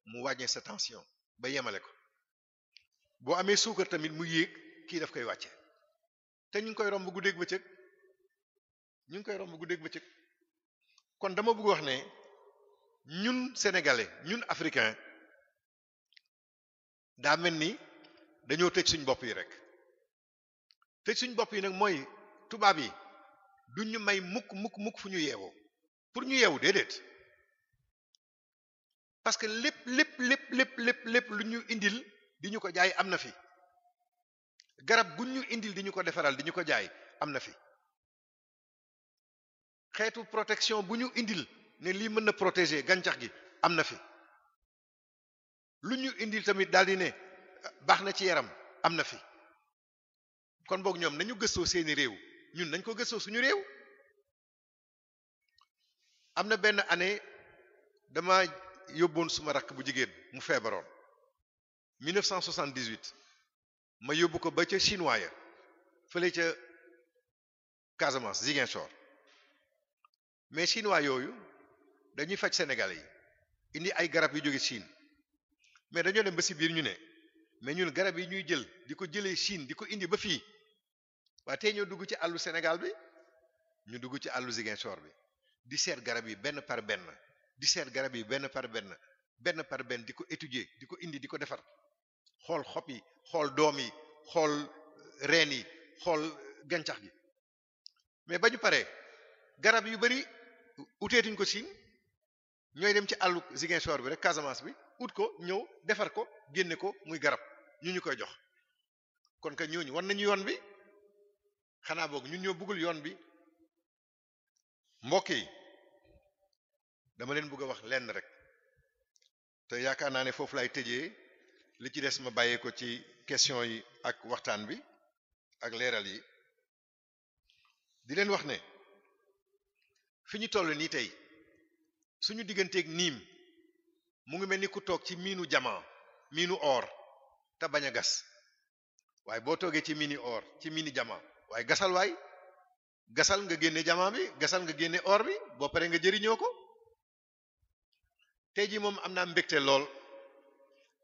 Speaker 2: mu wàññee sa tension ba yemale ko boo amee suukar tamit mu yéeg kii daf koy wàcce te ñu ngi koy romb guddeeg bëccëg ñu ngi koy romb guddeeg bëccëg kon dama bëgg wax ne ñun sénégalais ñun africain daa mel ni dañoo tëj suñ bopp yi rek tëj suñ bopp yi nag mooy tubaab yi duñ ñu may mukk mukk mukk fu ñu yeewoo pour ñu yeewu déedéet parce que lépp lépp lépp lépp lépp lépp lu ñu indil di ñu ko jaay am na fi garab gu ñu indil di ñu ko defaral di ñu ko jaay am na fi xeetu protection bu ñu indil ne lii mën na protéger gàncax gi am na fi lu ñu indil tamit daal di ne baax na ci yaram am na fi kon boog ñoom nañu gëstoo seeni réew ñun nañ ko gëstoo suñu réew am na benn année dama yóbboon suma rakk bu jigéen mu feebaroon 1978 ma yóbbu ko ba ca chinois ya fële ca Casamance Ziguinchor mais chinois yooyu dañuy faj sénégalais yi indi ay garab yu jóge Chine mais dañoo dem ba si biir ñu ne mais ñun garab yi ñuy jël di ko jëlee Chine di ko indi ba fii waa tee ñoo dugg ci àllu Sénégal bi ñu dugg ci àllu Ziguinchor bi di seet garab yi benn par benn di seet garab yi benn par benn benn par benn di ko étudier di ko indi di ko defar xool xob yi xool doom yi xool euh, reen yi xool euh, gàncax gi mais ba ñu paree garab yu bari uteetuñ ko siin ñooy dem ci àllu Ziguinchor bi rek Casamance bi ut ko ñëw defar ko génne ko muy garab ñu ñu koy jox kon que ñooñu wan nañu yoon bi xanaa boog ñun ñoo bëggul yoon bi mbokk yi dama leen bëgg a wax lenn rek te yaakaar naa ne foofu lay tëjee li ci des ma bàyyee ko ci question yi ak waxtaan bi ak leeral yi di leen wax ne fi ñu toll nii tey suñu digganteeg niim mu ngi mel ni ku toog ci miinu jamaa miinu or te bañ a gas waaye boo toogee ci miini or ci miini jamaa waaye gasal waay gasal nga génne jamaa bi gasal nga génne or bi boo paree nga jëriñoo ko tey jii moom am naa mbégte lool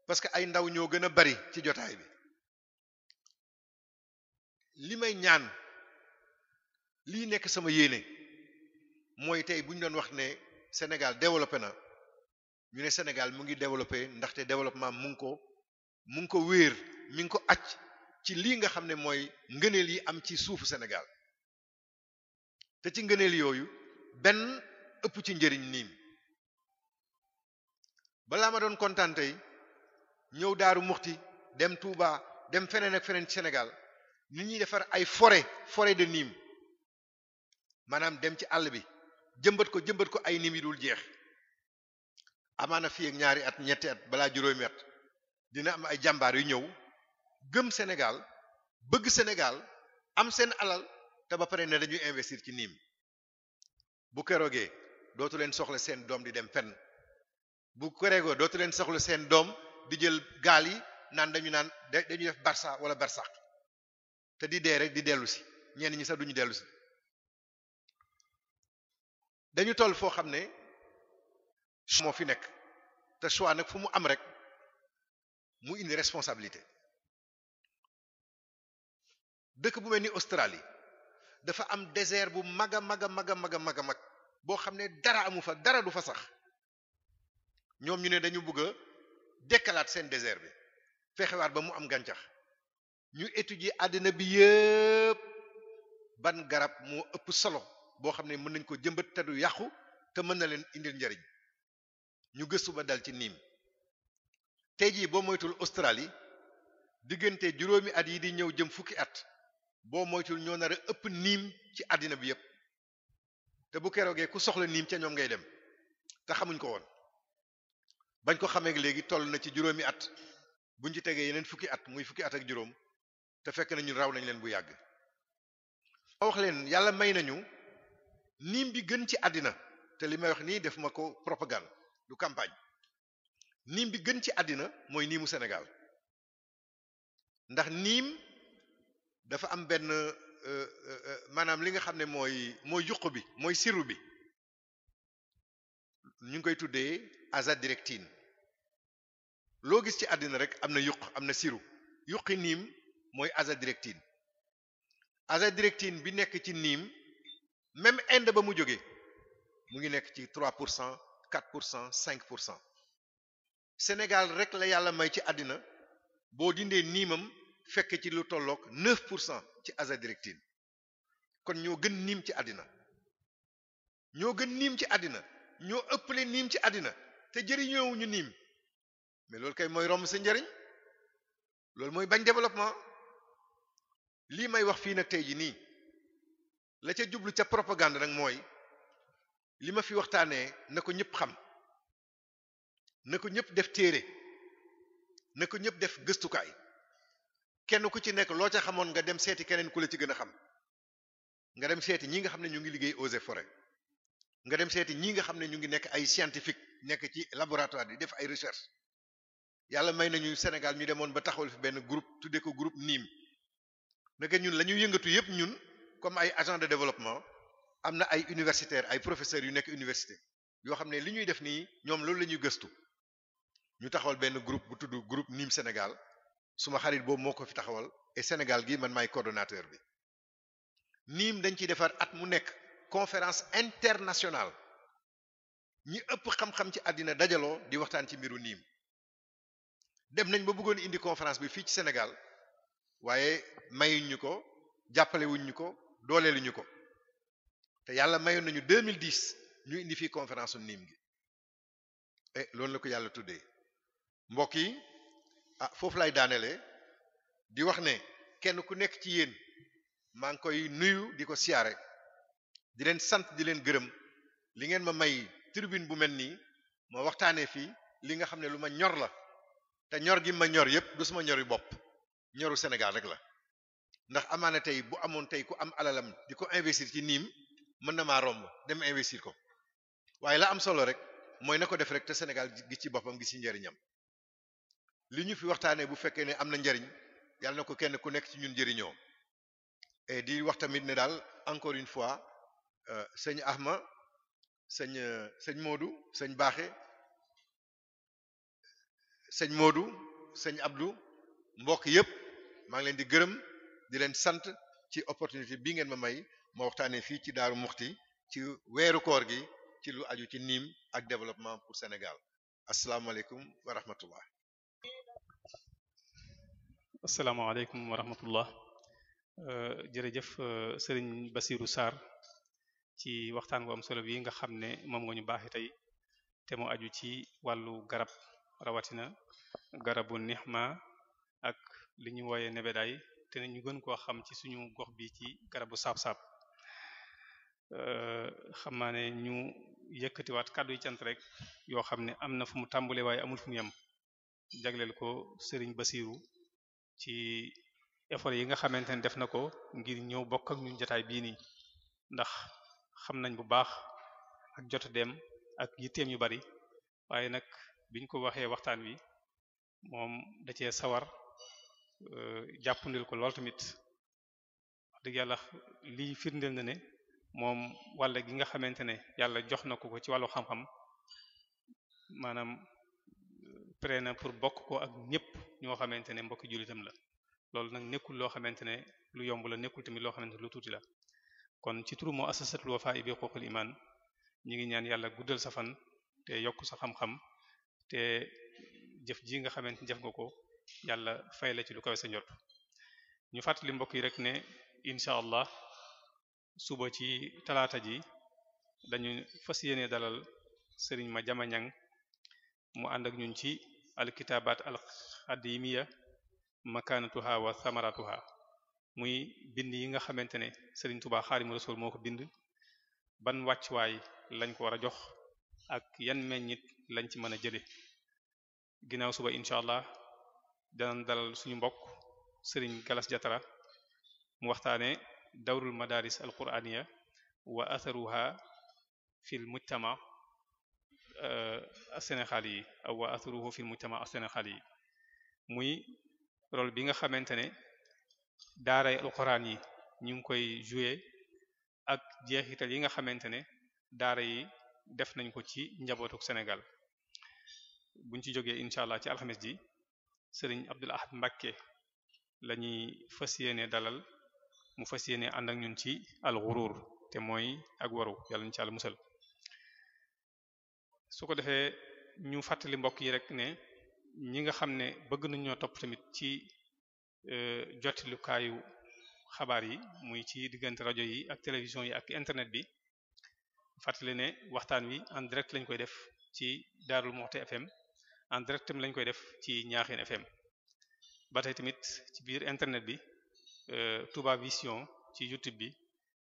Speaker 2: parce que ay ndaw ñoo gën a bari ci jotaay bi li may ñaan lii nekk sama yéene mooy tey bu ñu doon wax ne Sénégal développé na ñu ne Sénégal mu ngi développé ndaxte développement mu ngi ko mu ngi ko wéer mi ngi ko acc ci lii nga xam ne mooy ngëneel yi am ci suufu Sénégal te ci ngëneel yooyu benn ëpp ci njëriñ nii balaa ma doon kontaan tey ñëw daaru muxti dem tuuba dem feneen ak feneen senegal nit ñuy defar ay fore fore de niim maanaam dem ci àll bi jëmbat ko jëmbat ko ay niim yi dul jeex amaana fii ñaari at ñetti at balaa juróomi at dina am ay jàmbaar yu ñëw gëm Sénégal bëgg Sénégal am seen alal te ba pare ne dañuy investir ci niim bu keroogee dootu leen soxla seen doom di dem fenn bu koreegoo dootu leen soxlu seen doom di jël gaal yi naan dañu naan dañu def barsa wala barsax te di dee rek di dellu si ñenn ñi sax duñu dellu si dañu toll foo xam ne moo fi nekk te choix nag fu mu am rek mu indi responsabilité dëkk bu mel ni Australie dafa am désert bu mag a mag a mag a mag a mag boo xam ne dara amu fa dara du fa sax ñoom ñu ne dañu bëgg a dekkalaat seen désert bi fexewaat ba mu am gàncax ñu étudier àddina bi yépp ban garab moo ëpp solo boo xam ne mën nañ ko jëmbat te du yàqu te mën na leen indil njariñ ñu gëstu ba dal ci niim tey jii boo moytul Australie diggante juróomi at yi di ñëw jëm fukki at boo moytul ñoo nar ëpp niim ci àddina bi yépp te bu keroogee ku soxla niim ca ñoom ngay dem te xamuñ ko woon bañ ko xamee léegi toll na ci juróomi at buñ ci tegee yeneen fukki at muy fukki at ak juróom te fekk na ñun raw nañ leen bu yàgg ma wax yàlla may nañu niim bi gën ci àddina te li may wax nii def ma ko propagande du campagne niim bi gën ci àddina mooy niimu senegal ndax niim dafa am benn euh, euh, euh, maanaam li nga xam ne mooy mooy yuq bi mooy siru bi ñu ngi koy tuddee azadirectine loo gis ci àddina rek am na yuq am na siru yuqi niim mooy azadirectine azadirectine bi nekk ci niim même Inde ba mu jóge mu ngi nekk ci 3 pour cent 4 pour cent 5 pour cent Sénégal rek la yàlla may ci àddina boo dindee niimam fekk ci lu tolloog 9 pour cent ci azadirectine kon ñoo gën niim ci àddina ñoo gën niim ci àddina ñoo ëpp ëppale niim ci àddina te ñu niim mais loolu kay mooy romb sa njariñ loolu mooy bañ développement lii may wax fii nag tey ji nii la ca jublu ca propagande nag mooy li ma fi waxtaanee na ko ñëpp xam na ko ñëpp def téere na ko ñëpp def gëstukaay kenn ku ci nekk loo ca xamoon nga dem seeti keneen ku la ci gën a xam nga dem seeti ñi nga xam ne ñu ngi liggéey ose et forêts nga dem seeti ñi nga xam ne ñu ngi nekk ay scientifique nekk ci laboratoire di def ay recherche yàlla may na ñu senegal ñu demoon ba taxawal fi benn groupe tuddee ko groupe niim naka ñun la ñuy yëngatu yépp ñun comme ay agent de développement am na ay universitaires ay professeurs yu nekk université yoo xam ne li ñuy def nii ñoom loolu la ñuy gëstu ñu taxawal benn groupe bu tudd groupe niim senegal suma xarit boobu moo ko fi taxawal et Sénégal gi man maay coordonnateur bi dañ ciy defar at mu nekk. conférence internationale ñi ëpp xam-xam ci àddina dajaloo di waxtaan ci mbiru niim dem nañ ba buggoon indi conférence bi fii ci Sénégal waaye mayuñ ñu ko jàppalewuñ ñu ko dooleeluñ ñu ko te yàlla mayoon nañu 2010 ñu indi fii conférence u niim gi eh loolu la ko yàlla tuddee mbokk yi ah foofu lay daanelee di wax ne kenn ku nekk ci yéen maa ngi koy nuyu di ko siyaare di leen sant di leen gërëm li ngeen ma may tirbine bu mel nii ma waxtaanee fii li nga xam ne lu ma ñor la te ñor gi ma ñor yépp du suma ñor yu bopp ñoru Sénégal rek la ndax amaana tey bu amoon tey ku am alalam di ko investir ci niim mën na maa romb dem investir ko waaye la am solo rek mooy na ko def rek te Sénégal gi ci boppam gi ci njariñam li ñu fi waxtaanee bu fekkee ne am na njariñ yàlla na ko kenn ku nekk ci ñun jëriñoo di wax tamit ne daal encore une fois Euh, sëñ Ahma sëñ euh, sëñ Modou sëñ Baaxe sëñ Modou sëñ Abdou mbokk yépp maa ngi leen di gërëm di leen sant ci opportunité bii ngeen ma may ma waxtaanee fii ci Daaru Muxti ci weeru koor gi ci lu aju ci niim ak développement pour Sénégal asalaamaaleykum wa rahmatullah
Speaker 3: asalaamaaleykum wa rahmatullah euh, jërëjëf Serigne Bassirou Sarr ci waxtaan bu am solo bi nga xam ne moom nga ñu baaxi tey te mu aju ci wàllu garab rawatina garabu nixma ak li ñu wooyee nebedaay te ñu gën koo xam ci suñu gox bi ci garabu saab-saab xam naa ne ñu yëkkatiwaat kàddu yi cant rek yoo xam ne am na fu mu tàmbule waaye amul fu mu yem jagleel ko Serigne Basiru ci effort yi nga xamante ne def na ko ngir ñëw bokk ak ñun jotaay bii ndax xam nañ bu baax ak jot dem ak yitteem yu bari waaye nag biñ ko waxee waxtaan wi moom da cee sawar euh, jàppandil ko lool tamit wax dëgg yàlla lii firndeel na ne moom walla gi nga xamante ne yàlla jox na ko ko ci wàllu xam-xam maanaam pré na pour bokk ko ak ñëpp ñoo xamante ne mbokki jullitam la loolu nag nekkul loo xamante ne lu yomb la nekkul tamit loo xamante ne lu tuuti la kon ci turu muassasatul Wafa bi xuququl iman ñi ngi ñaan yàlla guddal sa fan te yokk sa xam-xam te jëf ji nga xamante jëf nga ko yàlla fay la ci lu kawe sa njort ñu fàttali mbokk yi rek ne incha allah suba ci talaata ji dañu fas yéene dalal sëriñ ma jama ñang mu ànd ak ñun ci alkitabat al xadimiya wa thamaratuha muy bind yi nga xamante ne Serigne Touba Xaadimu Rasuul moo ko bind ban wàccuwaay lañ ko war a jox ak yan meññit lañ ci mën a jële ginnaaw suba incha allah danañ dalal suñu mbokk Serigne Galas Jatara mu waxtaane dawrul madaris alqur'aniya wa atharuha fil mujtama as-sénéxali euh, yi wa atharuhu fil mujtama as-sénéxali yi muy rôle bi nga xamante daaray alxuraan yi ñu ngi koy jouer ak jeexital yi nga xamante ne daara yi def nañ ko ci njabootuk Sénégal buñ ci jógee incha allah ci alxames ji sëriñ Abdul Ahad Mbakke la ñuy fas yéene dalal mu fas yéene ànd ak ñun ci alxuruur te mooy ak waru yàlla ñu ci àll musal su ko defee ñu fàttali mbokk yi rekk ne ñi nga xam ne bëgg nañ ñoo topp tamit ci E, jotilukaayu xabaar yi muy ci diggante rajo yi ak télévision yi ak internet bi fàttali ne waxtaan wi en direct lañ koy def ci Darou Moukhty FM en direct lañ koy def ci Ñaaxeen FM ba tey tamit ci biir internet bi e, Touba Vision ci YouTube bi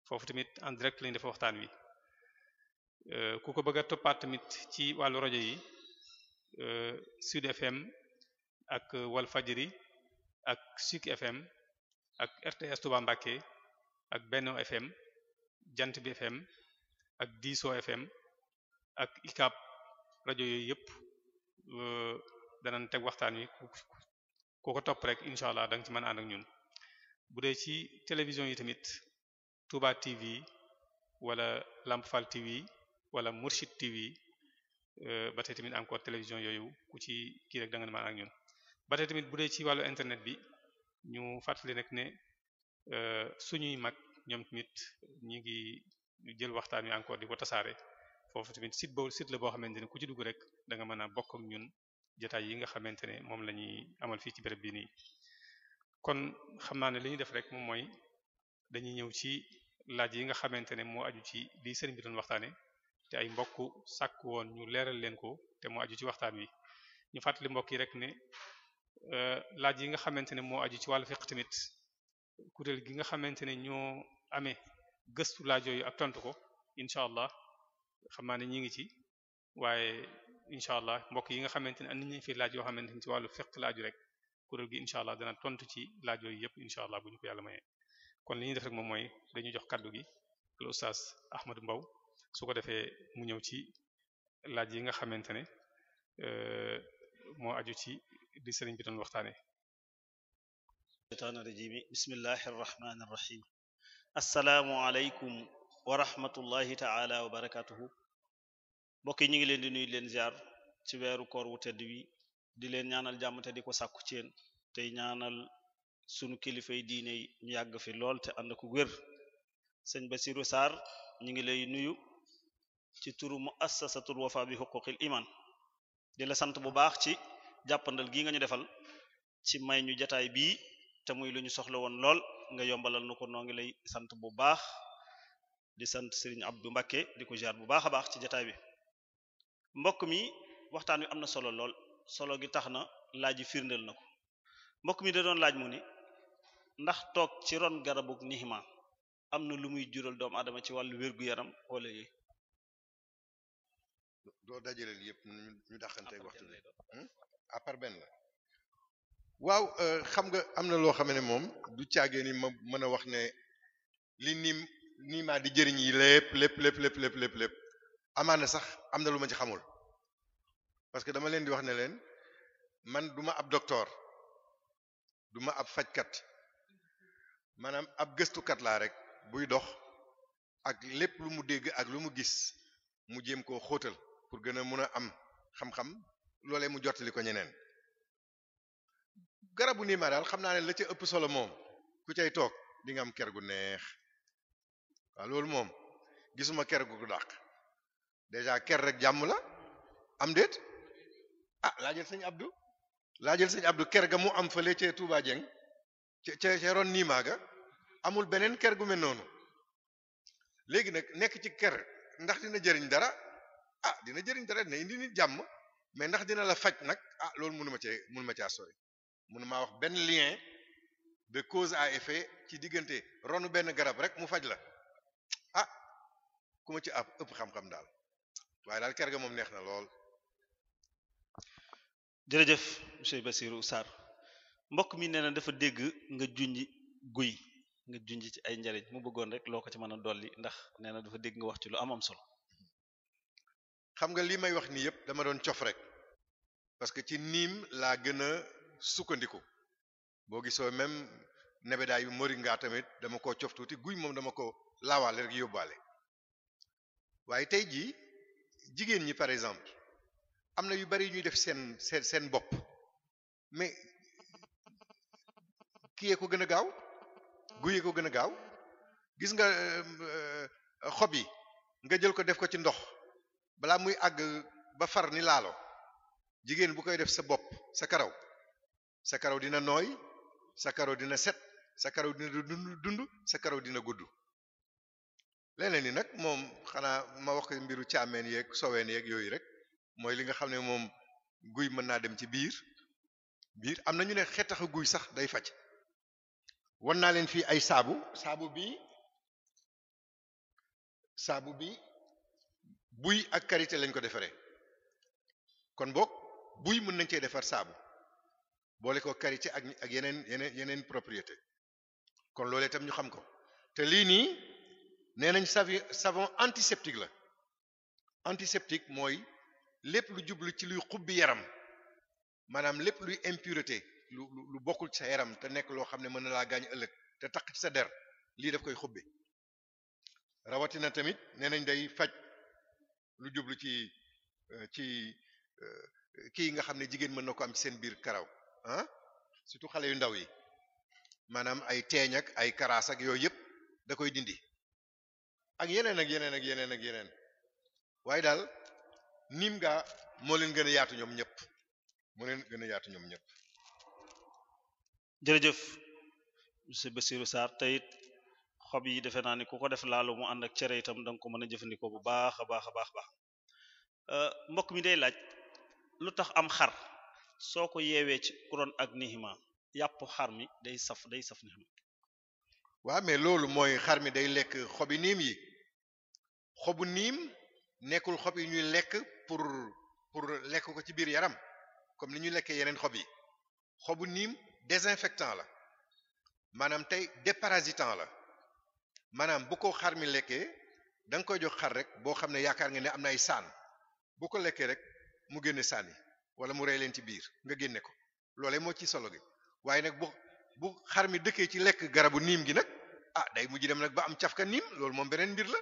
Speaker 3: foofu tamit en direct lañ def waxtaan wi e, ku ko bëgg a toppaat tamit ci wàllu rajo yi Sud FM ak Walfadjri ak Sik FM ak RTS Touba Mbacké ak Benno FM Jant bi FM ak Diso FM ak ICAP rajo yooyu yëpp euh, danan teg waxtaan wi ku ko topp rek incha allah da nga ci mën ànd ak ñun bu dee ci télévision yi tamit Touba TV wala Lamp Fall TV wala Mourchid TV euh, ba tey tamit encore télévision yooyu ku ci kii rek da nga mën ak ñun. ba tey tamit bu dee ci wàllu internet bi ñu fàttali nag ne euh, suñuy mag ñoom tamit ñi ngi jël waxtaan wi encore di ko tasaare foofu tamit site boobu site la boo xamante ne ku ci dugg rek danga nga mën a bokk ñun jotaay yi nga xamante ne moom la ñuy amal fii ci béréb bii nii. kon xam naa ne li ñu def rek moom mooy dañuy ñëw ci laaj yi nga xamante ne moo aju ci lii seen bi doon waxtaanee te ay mbokk sàkk woon ñu leeral leen ko te moo aju ci waxtaan wi ñu fàttali mbokk Euh, laaj yi nga xamante ne moo aju ci wàllu fiq tamit kuréel gi nga xamante ne ñoo amee gëstu laaj yooyu ak tontu ko incha allah xam naa ne ñi ngi ci waaye incha allah mbokk yi nga xamante ne andi nañ fi laaj yoo xamante ne ci wàllu fiq laaju rek kurel gi incha allah dana tontu ci laaj yooyu yëpp incha allah bu ñu ko yàlla kon li ñuy def rek moom mooy dañu jox kaddu gi al ustaas Ahmadou Mbow su ko defee mu ñëw ci laaj yi nga xamante ne euh, moo aju ci di sëriñ bi doon waxtaane shaytaan bismillahi
Speaker 4: arrahmani irrahim aleykum wa taala wa barakatuhu mbokk yi ñu ngi leen di nuyu leen ziar ci weeru koor wu tedd wi di leen ñaanal jàmm te di ko sàkku ci yéen tey ñaanal sunu kilifay diine yi ñu yàgg fi lool te ànd ku wér sëñ Basiru Sarr ñu ngi lay nuyu ci turu muassasatul wafa bi xuquqil iman di la sant bu baax ci jàppandal gii nga ñu defal ci may ñu jataay bii te muy lu ñu soxla woon lool nga yombalal na ko noogi ngi lay sant bu baax di sant ab Abdou Mbakke di ko ziar bu baax a baax ci jataay bi mbokk mi waxtaan wi am na solo lool solo gi tax na laaj yi firndeel na ko mbokk mi da doon laaj mu ni ndax toog ci ron garabug nixima am na lu muy jural doomu aadama ci wàllu wér-gu-yaram wala yi
Speaker 2: doo dajaleel yëpp ñu dàqanteeg à part benn la waaw euh, xam nga am na loo xam ne moom du caagee ni ma mën a wax ne li nii nii maa di jëriñ yi lépp lépp lépp lépp lépp lépp lépp amaana sax am na lu ma ci xamul parce que dama leen di wax ne leen man duma ab docteur duma ab fajkat maanaam ab gëstukat la rek buy dox ak lépp lu mu dégg ak lu mu gis mu jéem koo xóotal pour gën a mun a am xam-xam loolee mu jottali ko ñeneen garabu niimaa daal xam naa ne la ca ëpp solo moom ku cay toog di nga am ker gu neex waaw loolu moom gisuma ker gu dàq déjà ker rek jàmm la am déet ah laa jël sëñ Abdou laa jël sëñ Abdou ker ga mu am fële ca Touba Dieng ca ca ca ron niimaa ga amul beneen ker gu mel noonu léegi nag nekk ci ker ndax dina jëriñ dara a ah, dina jëriñ dara dina indi nit jàmm mais ndax dina la faj nag ah loolu mënu ma cee mënu ma caa sori mënu maa wax benn lien de cause à effet ci diggante ronu benn garab rek mu faj la ah ku ma ci ab ëpp xam-xam daal waaye daal ker ga moom neex na lool. jërëjëf
Speaker 4: monsieur Bassirou Sarr mbokk mi nee na dafa dégg nga junj guy nga junj ci ay njariñ mu bëggoon rek loo ko ci mën a dolli ndax nee na dafa dégg nga wax ci lu am am solo.
Speaker 2: xam nga li may wax nii yëpp dama doon cof rek parce que ci niim laa gën a sukkandiku boo gisoo même nebedaay yu moringa tamit dama ko cof tuuti guy moom dama ko laawaale rek yóbbaale waaye tey jii jigéen ñi par exemple am na yu bari yu ñuy def seen seen seen bopp mais kiyee ko gën a gaaw guyee ko gën a gaaw gis nga euh, euh, xob yi nga jël ko def ko ci ndox balaa muy àgg ba far ni laalo jigéen bu koy def sa bopp sa karaw sa karaw dina nooy sa karaw dina set sa karaw dina dund dund sa karaw dina gudd leneen yi nag moom xanaa ma wax mbiru caameen yeeg soween yeeg yooyu rek mooy li nga xam ne moom guy mën naa dem ci biir biir am na ñu ne xetaxu guy sax day faj wan naa leen fii ay saabu saabu bi saabu bi buy ak karité lañ ko defaree kon boog buy mën nañ cee defar saabu boole ko karité ak ak yeneen yeneen yeneen propriété kon loole tam ñu xam ko te lii nii nee nañ savi savon antiseptique la antiseptique mooy lépp lu jublu ci luy xubbi yaram maanaam lépp luy impureté lu lu bokkul ci sa yaram te nekk loo xam ne mën na laa gaañ ëllëg te taq ci sa der lii def koy xubbi rawatina tamit nee nañ day faj lu jublu ci euh, ci euh, kii nga xam ne jigéen mën na ko am ci seen biir karaw ah xale yu ndaw yi maanaam ay teeñ ak ay karaas yooyu yëpp da koy dindi ak yeneen ak yeneen ak yeneen ak yeneen waaye daal nim gaa moo leen gën a yaatu ñoom ñëpp moo leen gën a yaatu ñoom ñëpp jërëjëf
Speaker 4: xob yi defe naa ni ku ko def laalu mu ànd ak cere itam da nga ko mën a jëfandikoo bu baax a baax a baax baax euh, mbokk mi day laaj lu tax am xar soo ko yeewee ci kuroon ak nihima yàpp xar mi day saf day saf nihima
Speaker 2: waa mais loolu mooy xar mi day lekk xobi niim yi xobu niim nekkul xob yi ñuy lekk pour pour lekk ko ci biir yaram comme ni ñu lekkee yeneen xob yi xobu niim désinfectant la maanaam tey déparasitant la maanaam bu ko xar mi lekkee danga koy jox xar rek boo xam ne yaakaar nga ne am na ay saan bu ko lekkee rek mu génne sànni yi wala mu rey leen ci biir nga génne ko loole moo ci solo gi waaye nag bu bu xar mi dëkkee ci lekk garabu niim gi nag ah day mujj dem nag ba am cafka niim loolu moom beneen mbir la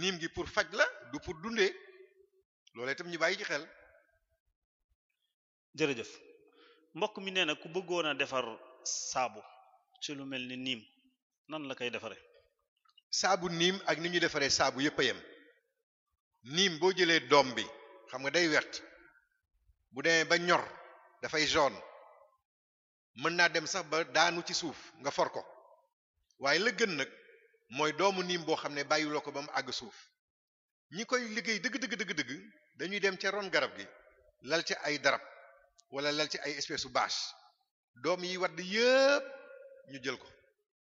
Speaker 2: niim gi pour faj la du pour dundee loolee itam ñu bàyyi ci xel. jërëjëf
Speaker 4: mbokk mi nee na ku bëggoon a defar saabu ci lu mel ni niim
Speaker 2: nan la koy defaree. saabu niim ak ni ñu defaree saabu yëpp a yem niim boo jëlee doom bi xam nga day wert bu demee ba ñor dafay jaune mën naa dem sax ba daanu ci suuf nga for ko waaye la gën nag mooy doomu niim boo xam ne bàyyiloo ko ba mu àgg suuf ñi koy liggéey dëgg dëgg dëgg dëgg dañuy dem ca ron garab gi lal ci ay darab walla lal ci ay espèce su bâche doom yi wadd yépp ñu jël ko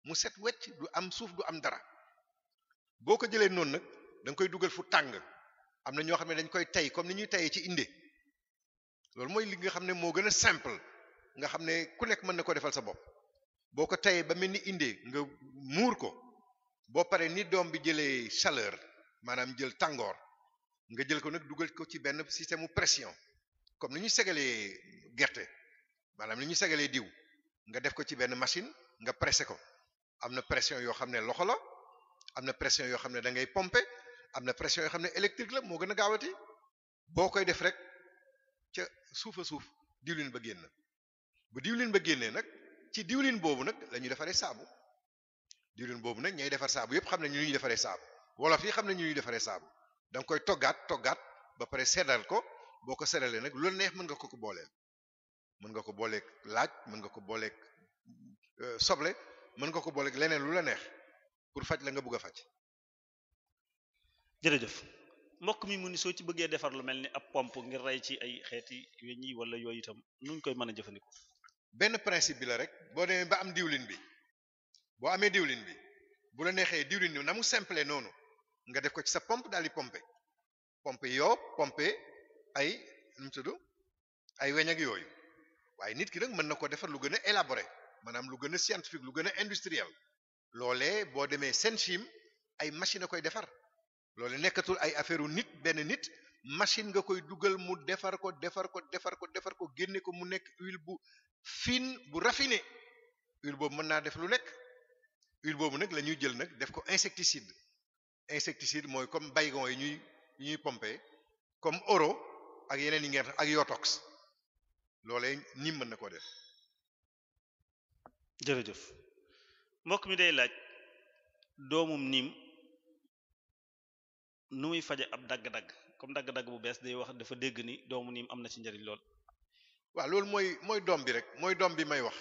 Speaker 2: mu set wecc du am suuf du am dara boo ko jëlee noonu nag danga koy dugal fu tàng am na ñoo xam ne dañ koy tey comme ni ñuy teyee ci inde loolu mooy li nga xam ne moo gën a simple nga xam ne ku nekk mën na ko defal sa bopp boo ko teyee ba mel ni inde nga muur ko boo paree ni doom bi jëlee chaleur maanaam jël tàngoor nga jël ko nag dugal ko ci benn système pression comme ni ñuy segalee gerte maanaam ni ñuy segalee diw nga def ko ci benn machine nga pressé ko am na pression yoo xam ne loxo la am na pression yoo xam ne da ngay pomper am na pression yoo xam ne électrique la moo gën a gaawati boo koy def rek ca suufa suuf diwlin ba génn bu diwlin ba génnee nag ci diwlin boobu nag la defaree saabu diwlin boobu nag ñay defar saabu yépp xam ne ñu ñuy defaree saabu wolof yi xam ne ñu ñuy defaree saabu da nga koy toggaat toggaat ba pare seddal ko boo ko seddalee nag lu neex mën nga ko ko booleel mën nga ko booleek laaj mën nga ko booleek euh, soble mën nga ko booleeg leneen lu la neex pour faj la nga bëgg a faj. jërëjëf
Speaker 4: mbokk mi mu ni soo ci bëggee defar lu mel ni ab pompe ngir rey ci ay xeeti weñ yi wala yooyu itam nuñ koy
Speaker 2: mën a jëfandikoo. benn principe bi la rek boo demee ba am diwlin bi boo amee diwlin bi bu la neexee diwlin bi na mu simple noonu nga def ko ci sa pompe daal di pompe pompe yoo pompe ay nu mu tudd ay weñ ak yooyu waaye nit ki rek mën na ko defar lu gën a élaboré maanaam lu gën a scientifique lu gën a industriel loole boo demee Senchim ay machine a koy defar loole nekkatul ay affaire nit benn nit machine nga koy dugal mu defar ko defar ko defar ko defar ko génne ko mu nekk huile bu fine bu rafine huile boobu mën naa def lu nekk huile boobu nag la ñuy jël nag def ko insecticide insecticide mooy comme baygon yi ñuy ñuy pomper comme euro ak yeneen yi ngeen ak yotox loole nim mën na koo def jërëjëf mbokk mi day laaj
Speaker 4: doomum niim nu muy faje ab dagg-dagg
Speaker 2: comme dagg-dagg bu bees day wax dafa dégg ni doomu niim am na ci njariñ lool waaw loolu mooy mooy doom bi rek mooy doom bi may wax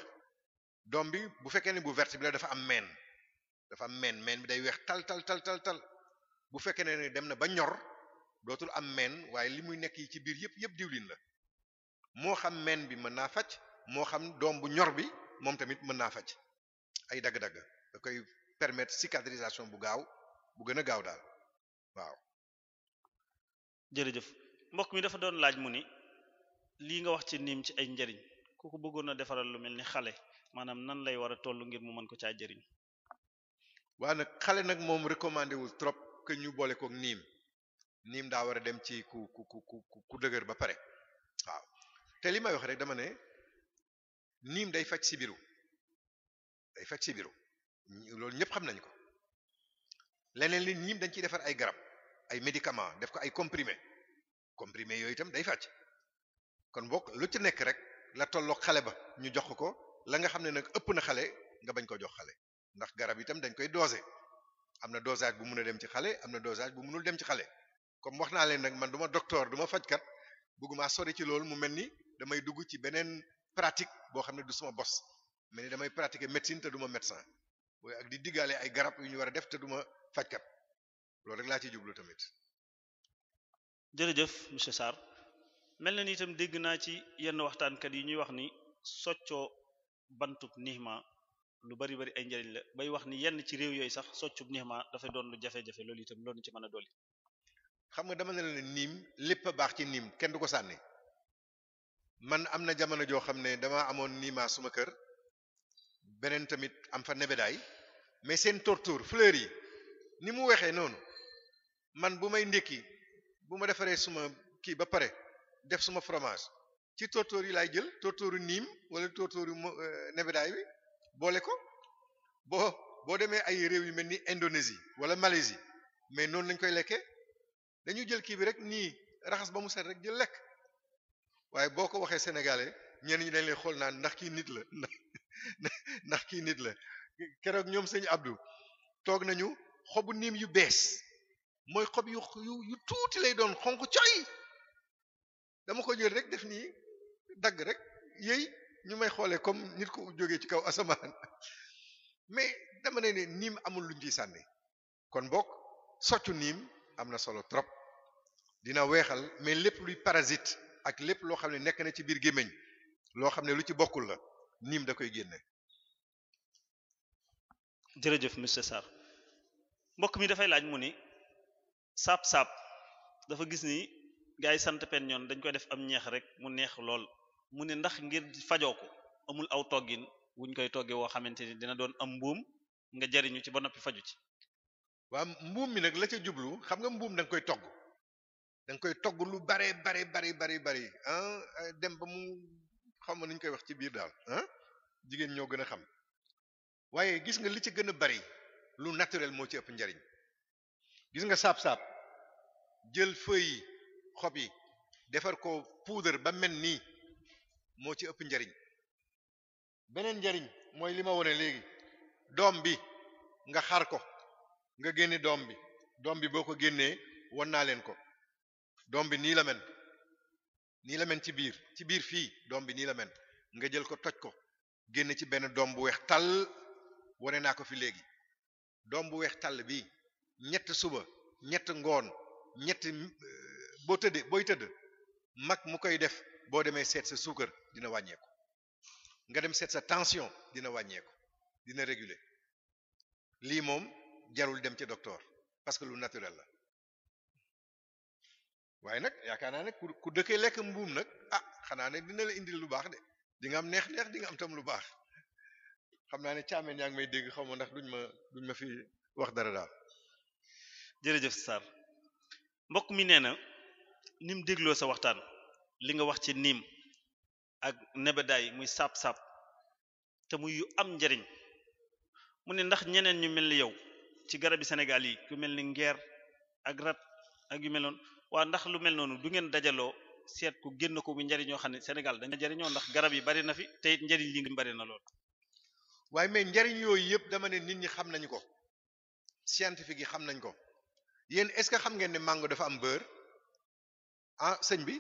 Speaker 2: doom bi bu fekkee ne bu verte bi la dafa am meen dafa am meen meen bi day weex tal tal tal tal bu fekkee ne dem na ba ñor dootul am meen waaye li muy nekk yi ci biir yëpp yëpp diwlin la moo xam meen bi mën naa faj moo xam doom bu ñor bi moom tamit mën naa faj ay dagg-dagg da koy permettre cicatrisation bu gaaw bu gën a gaaw daal waaw.
Speaker 4: jërëjëf mbokk mi dafa doon laaj mu ni lii nga wax ci niim ci ay njariñ kooku bëggoon a defaral lu mel ni xale maanaam nan lay war a toll ngir mu mën ko caa jariñ
Speaker 2: waa nag xale nag moom recommandé wul trop que ñu boole kook niim niim daa war a dem ci ku ku ku ku dëgër ba pare waaw te li may wax rek dama ne niim day faj sibiru day faj sibiru loolu ñëpp xam nañ ko leneen li ñim dañ ciy defar ay garab ay médicament def ko ay comprimé comprimé yooyu tam day fàcc kon bokk lu ci nekk rek la tolloog xale ba ñu jox ko la nga xam ne nag ëpp na xale nga bañ ko jox xale ndax garab itam dañ koy doose am na dosage bu mun a dem ci xale am na dosage bu munul dem ci xale comme wax naa leen nag man du ma docteur du fajkat bëgguma sori ci loolu mu mel ni damay dugg ci beneen pratique boo xam ne du suma bos mais ni damay pratiquer médecine te duma médecin booy ak di diggaale ay garab yu ñu war a def te duma fajkat loolu rek laa ci jublu tamit
Speaker 4: jërëjëf monsieur Sarr mel na ni itam dégg naa ci yenn waxtaankat yi ñuy wax ni soccoo bantub nixma lu bari bari ay njëriñ la bay wax ni yenn ci réew yooyu sax soccub nixma dafay doon lu jafe-jafe loolu itam loolu ci mën a dolli xam nga dama
Speaker 2: ne la niim lépp a baax ci niim kenn du ko sànni man am na jamono joo xam ne dama amoon niima suma kër beneen tamit am fa nebedaay mais seen torture fleur yi ni mu weexee noonu man bu may ndékki bu ma defaree suma kii ba pare def suma fromage ci torture yi laay jël torture niim wala torture euh, nebedaay bi boole ko boo boo demee ay réew yu mel ni Indonésie wala Malaisie mais noonu lañ koy lekkee dañu jël kii bi rek nii raxas ba mu set rek jël lekk waaye boo ko waxee sénégalais ñenn ñi dañ lay xool naan ndax kii nit la ndax kii nit la keroog ñoom sëñ Abdou toog nañu xobu niim yu bees mooy xob yu yu tuuti lay doon xonk coy dama ko jël rek def nii dagg rek yéy ñu may xoolee comme nit ku jógee ci kaw asamaan mais dama ne ne niim amul luñ ciy sànni kon bokk soccu niim am na solo trop dina weexal mais lépp luy parasite ak lépp loo xam ne nekk na ci biir gémmiñ loo xam ne lu ci bokkul la niim da koy génne. jërëjëf
Speaker 4: monsieur Sarr mbokk mi dafay laaj mu ni saab saab dafa gis ni gars yi sant pen ñoon dañ koy def am ñeex rek mu neex lool mu ne ndax ngir fajoo ko amul aw toggin wuñ koy toggee woo xamante ni dina doon am mbuum nga jariñu
Speaker 2: ci ba noppi faju ci. waaw mbuum mi nag la ca jublu xam nga mbuum da koy togg da koy togg lu bare bare bare bare dem ba mu xam ma nu koy wax ci biir daal jigéen ñoo gën a xam waaye gis nga li ci gën a bari lu naturel moo ci ëpp njariñ gis nga saab-saab jël feuilles yi xob yi defar ko poudre ba mel nii moo ci ëpp njariñ beneen njariñ mooy li ma wone léegi doom bi nga xar ko nga génne doom bi doom bi boo ko génnee won naa leen ko doom bi nii la mel nii la ci biir ci biir fii doom bi nii la nga jël ko toj ko génn ci benn doom bu weex tàll wane naa ko fi léegi doom bu weex tàll bi ñett suba ñett ngoon ñett euh, boo tëddee booy tëdd mag mu koy def boo demee seet sa suukar dina wàññeeku nga dem seet sa tension dina wàññeeku dina réguler lii moom jarul dem ci docteur parce que lu naturel la waaye nag yaakaar naa ne ku ku dëkkee lekk mbuum nag a ah, xanaa ne dina la indil lu baax de di nga am neex-neex di nga am tam lu baax xam naa ne caameen ñaa ngi may dégg xaw ma ndax duñ ma duñ ma fi wax dara daal. jërëjëf Sarr mbokk mi nee
Speaker 4: na ni dégloo sa waxtaan li nga wax ci niim ak nebedaay muy saab saab te muy yu am njariñ mu ne ndax ñeneen ñu mel ni yow ci garabi Sénégal yi ku mel ni ngeer ak rat ak yu mel noonu waa ndax lu mel noonu du ngeen dajaloo seet ku génn ko bu njariñoo xam ne Sénégal dañ jariñoo ndax garab yi bari na fi
Speaker 2: te it njariñ li ngi bari na lool waaye mais njariñ yooyu yëpp dama ne nit ñi xam nañu ko scientifique yi xam nañ ko yéen est-ce que xam ngeen ne mango dafa am beurre ah sëñ bi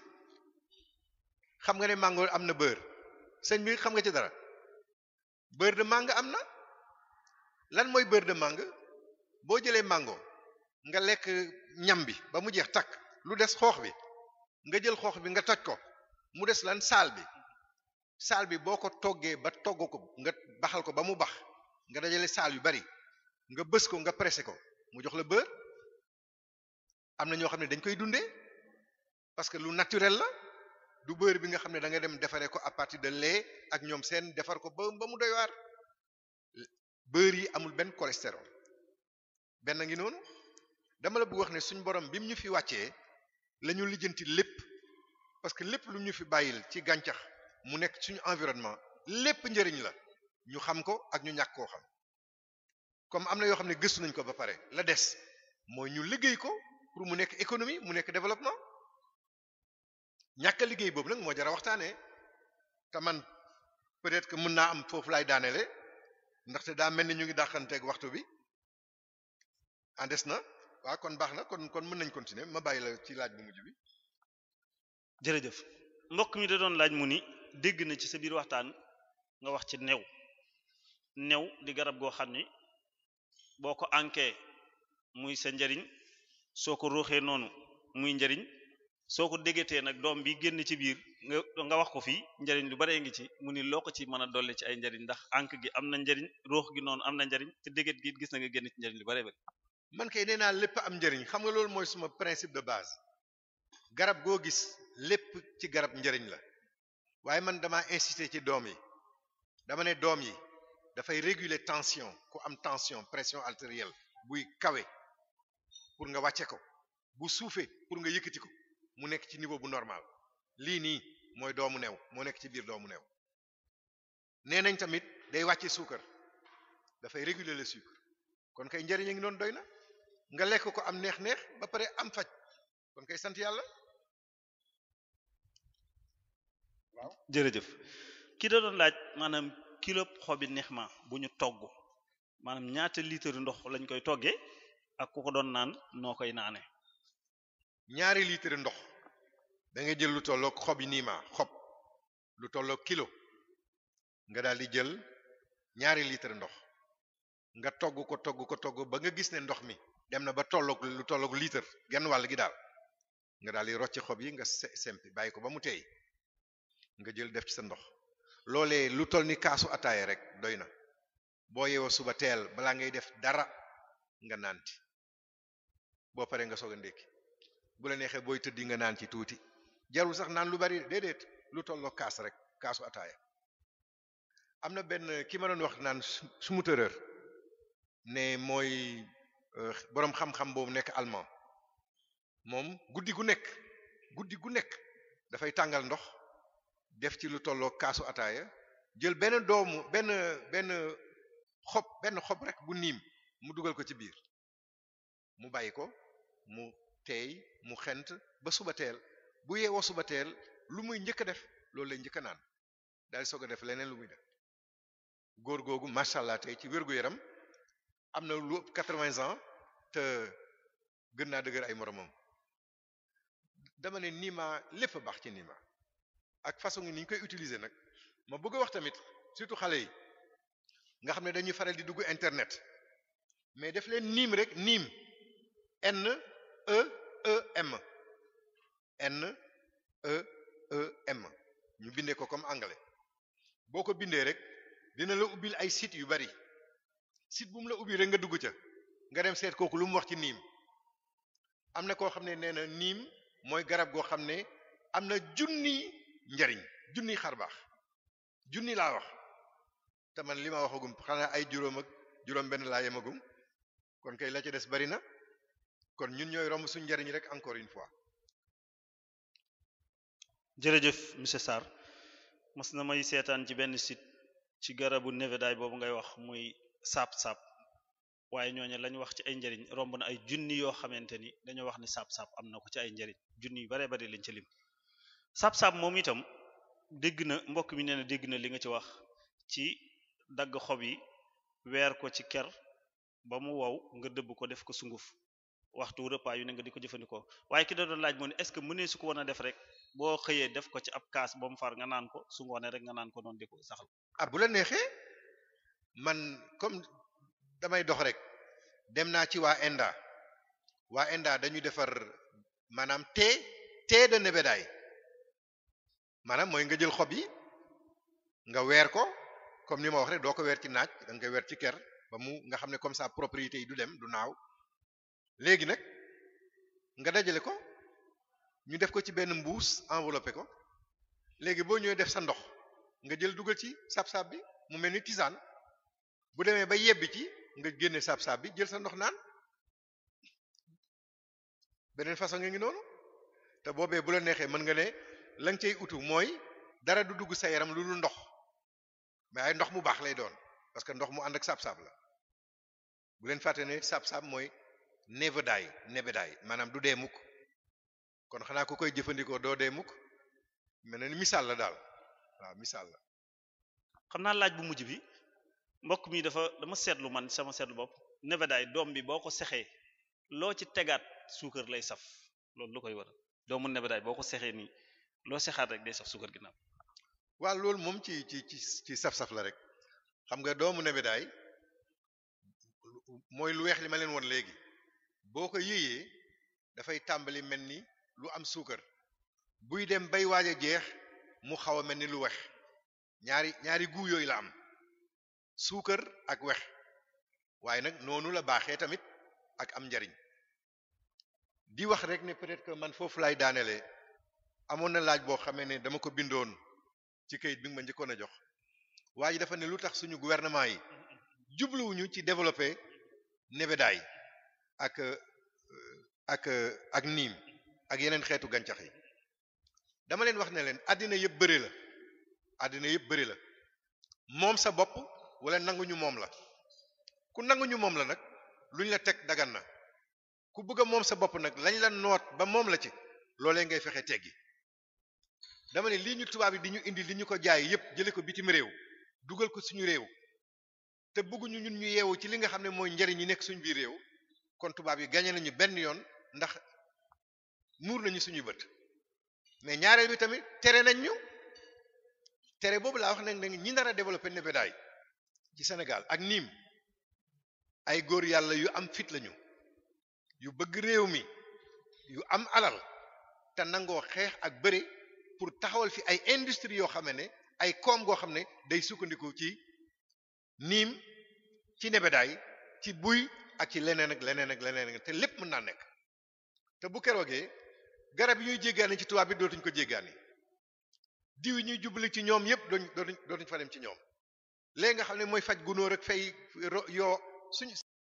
Speaker 2: xam nga ne mango am na bër sëñ bi xam nga ci dara beurre de mangue am na lan mooy beurre de mangue boo jëlee mango nga lekk ñam bi ba mu jeex takk lu des xoox bi nga jël xoox bi nga toj ko mu des lan saal bi saal bi boo ko toggee ba togg ko nga baxal ko ba mu bax nga dajale saal yu bari nga bës ko nga pressé ko mu jox la beurre am na ñoo xam ne dañ koy dundee parce que lu naturel la du beurre bi nga xam ne da nga dem defaree ko à partir de lait ak ñoom seen defar ko ba ba mu doy waar beurre yi amul benn cholestérol benn ngi noonu dama la bëgg wax ne suñ borom bi mu ñu fi wàccee lañu lijjanti lépp parce que lépp lu ñu fi bàyyil ci gàncax mu nekk suñu environnement lépp njëriñ la ñu xam ko ak ñu ñàkk koo xam comme am na yoo xam ne gëstu nañ ko ba pare la des mooy ñu liggéey ko pour mu nekk économie mu nekk développement ñàkk liggéey boobu nag moo jar a waxtaanee te man peut-être que mën naa am foofu laay daaneele ndaxte daa mel ni ñu ngi dàqanteeg waxtu bi des na waa kon baax na kon kon mën nañ continuer ma bàyyi la ci laaj bu mujj bi jërëjëf mbokk mi da doon laaj mu ni dégg na ci sa
Speaker 4: biir waxtaan nga wax ci new new di garab goo xam ni boo ko ankee muy sa njariñ soo ko rooxee noonu muy njariñ soo ko déggatee nag doom bi génn ci biir nga nga wax ko fii njariñ lu baree ngi ci mu ni loo ko ci mën a dolle ci ay njariñ ndax ank gi am na njariñ ruux gi noonu am na njariñ te déggat gi gis
Speaker 2: na nga génn ci njariñ lu baree man kay nee naa lépp am njëriñ xam nga loolu mooy suma principe de base garab goo gis lépp ci garab njëriñ la waaye man dama insister ci doom yi dama ne doom yi dafay réguler tension ku am tension pression artérielle buy kawe pour nga wàcce ko bu suufee pour nga yëkkati ko mu nekk ci niveau bu normal lii nii mooy doomu new moo nekk ci biir doomu new nee nañ tamit day wàcce suukar dafay réguler le sucre kon kay njëriñ a ngi doon doy na nga lekk ko am neex-neex ba pare am faj kon kay sant yàlla
Speaker 4: waaw jërëjëf ki da doon laaj maanaam kilo xobi neex ma bu ñu togg maanaam ñaata litre ndox lañ koy toggee ak ku ko doon naan noo koy naane ñaari
Speaker 2: litre ndox danga jël lu tolloog xobi nii ma xob lu tolloog kilo nga daal di jël ñaari litre ndox nga togg ko togg ko togg ba nga gis ne ndox mi dem na ba tolloog lu tolloog litre genn wàll gi daal nga daal di rocci xob yi nga sempi bàyyi ko ba mu teey nga jël def ci sa ndox loolee lu toll ni kaasu ataaya rek doy na boo yeewoo suba teel balaa ngay def dara nga naan paree nga soog a bu la neexee booy tëddi nga naan ci tuuti jarul sax naan lu bari lu tolloo kaas rek kaasu ataaya am na benn ki ma doon wax naan su tërër ne mooy Euh, boroom xam-xam boobu nekk allemand moom guddi gu nekk guddi gu nekk dafay tàngal ndox def ci lu tolloo kaasu ataaya jël benn doomu benn benn xob benn xob rek bu niim mu dugal ko ci biir mu bàyyi ko mu teey mu xent ba suba teel bu yeewoo suba teel lu muy njëkk def loolu lay njëkk a naan daal soog a def leneen lu muy def góor googu macha allah ci wér gu yaram am na lu ëpp quatre ans te gën naa dëgër ay moromam dama ne niima lépp a baax ci niima ak façon ni ñu koy utiliser nag ma bëgg a wax tamit surtout xale yi nga xam ne dañuy faral di dugg internet mais def leen niim rek niim N E E M N E M ñu bindee ko comme anglais boo ko bindee rek dina la ubbil ay sites yu bari site bu mu la ubbi rek nga dugg ca nga dem seet kooku lu mu wax ci niim am na koo xam ne nee na niim mooy garab goo xam ne am na junni njariñ junni xarbaax junni laa wax te man li ma waxagum xanaa ay juróom ak juróom-benn laa yemagum kon kay la ci des bari na kon ñun ñooy romb su njariñ rek encore une fois. jërëjëf monsieur Sarr mas na may seetaan
Speaker 4: ci benn sit ci garabu nevedaay boobu ngay wax muy. saab-saab waaye ñooñu lañ wax ci ay njariñ romb na ay junni yoo xamante ni dañoo wax ni saab-saab am na ko ci ay njariñ junni yu bare bare lañ ci lim saab moom itam dégg na mbokk mi nee na dégg na li nga ci wax ci dagg xob yi weer ko ci ker ba mu wow nga dëbb ko def ko sunguf waxtu repas yu ne nga di ko jëfandikoo waaye ki da doon laaj moo ne est-ce que mënee su ko woon a def rek boo xëyee def ko ci ab kaas ba mu far nga naan ko su ne rek nga naan ko noonu
Speaker 2: di ko man comme damay dox rek dem naa ci waa inda waa Enda dañuy defar maanaam té té de nebedaay maanaam mooy nga jël xob yi nga weer ko comme ni ma wax rek doo ko weer ci naaj da nga koy weer ci ker ba mu nga xam ne comme ça propriété yi du dem du naaw léegi nag nga dajale ko ñu def ko ci benn mbuus enveloppé ko léegi boo ñëwee def sa ndox nga jël dugal ci sab-sab bi mu mel ni tisane bu demee ba yebbi ci nga génne saab-saab bi jël sa ndox naan beneen façon nga ngi noonu te boobee bu la neexee mën nga ne la nga utu mooy dara du dugg sa yaram lu dul ndox mais ay ndox mu baax lay doon parce que ndox mu ànd ak saab-saab la bu leen fàtte ne saab-saab mooy nevedaay nebedaay maanaam du dee mukk kon xanaa ku koy jëfandikoo doo dee mukk mel na ni misaal la daal waaw misaal la
Speaker 4: xam naa laaj bu mujj bi mbokk mi dafa dama seetlu man sama seetlu bopp nebedaay doom bi boo ko sexee loo ci tegaat suukar lay saf loolu lu koy waral
Speaker 2: doomu nebedaay boo ko sexee nii loo sexaat rek day saf suukar ginnaaw waaw loolu moom ci ci ci ci saf-saf la rek xam nga doomu nebedaay mooy lu weex li ma leen woon léegi boo ko yéyee dafay tàmbali mel ni lu am suukar buy dem bay waaja geex mu xaw a mel ni lu weex ñaari ñaari guu yooyu la am suukar ak wex waaye nag noonu la baaxee tamit ak am njariñ di wax rek ne peut-être man foofu laay daanelee amoon na laaj boo xamee ne dama ko bindoon ci kayit bi nga ma njëkkoon a jox waa dafa ne lu tax suñu gouvernement yi jubluwuñu ci développer nebedaay ak euh, ak euh, ak niim ak yeneen xeetu gàncax yi dama leen wax ne leen àddina yëpp bëri la àddina yëpp bëri la moom sa bopp wala nanguñu moom la ku nanguñu moom la nag luñ la teg dagan na ku bëgg a moom sa bopp nag lañu la noot ba moom la ci loolee ngay fexe teggi dama ne lii ñu tubaab yi di ñu indi li ñu ko jaay yépp jële ko bitim réew dugal ko suñu réew te bëgguñu ñun ñu yeewu ci li nga xam ne mooy njariñ yi nekk suñu biir réew kon tubaab yi gañe nañu benn yoon ndax muur nañu suñuy bët mais ñaareel bi tamit tere nañ ñu tere boobu laa wax nag ñi nar a développé nebedaay ci senegal ak niim ay góor yàlla yu am fit lañu yu bëgg réew mi yu am alal te nangoo xeex ak bëre pour taxawal fi ay industrie yoo xam ne ay koom goo xam ne day sukkandiku ci niim ci nebedaay ci buy ak ci leneen ak leneen ak leneen te lépp mën naa nekk te bu keroogee garab yi ñuy jéggaani ci tubaab bi dootuñ ko jéggaani diw yi ñuy jubali ci ñoom yépp dootuñ dootuñ fa dem ci ñoom léegi nga xam ne mooy faj gunóor ak fay yoo suñu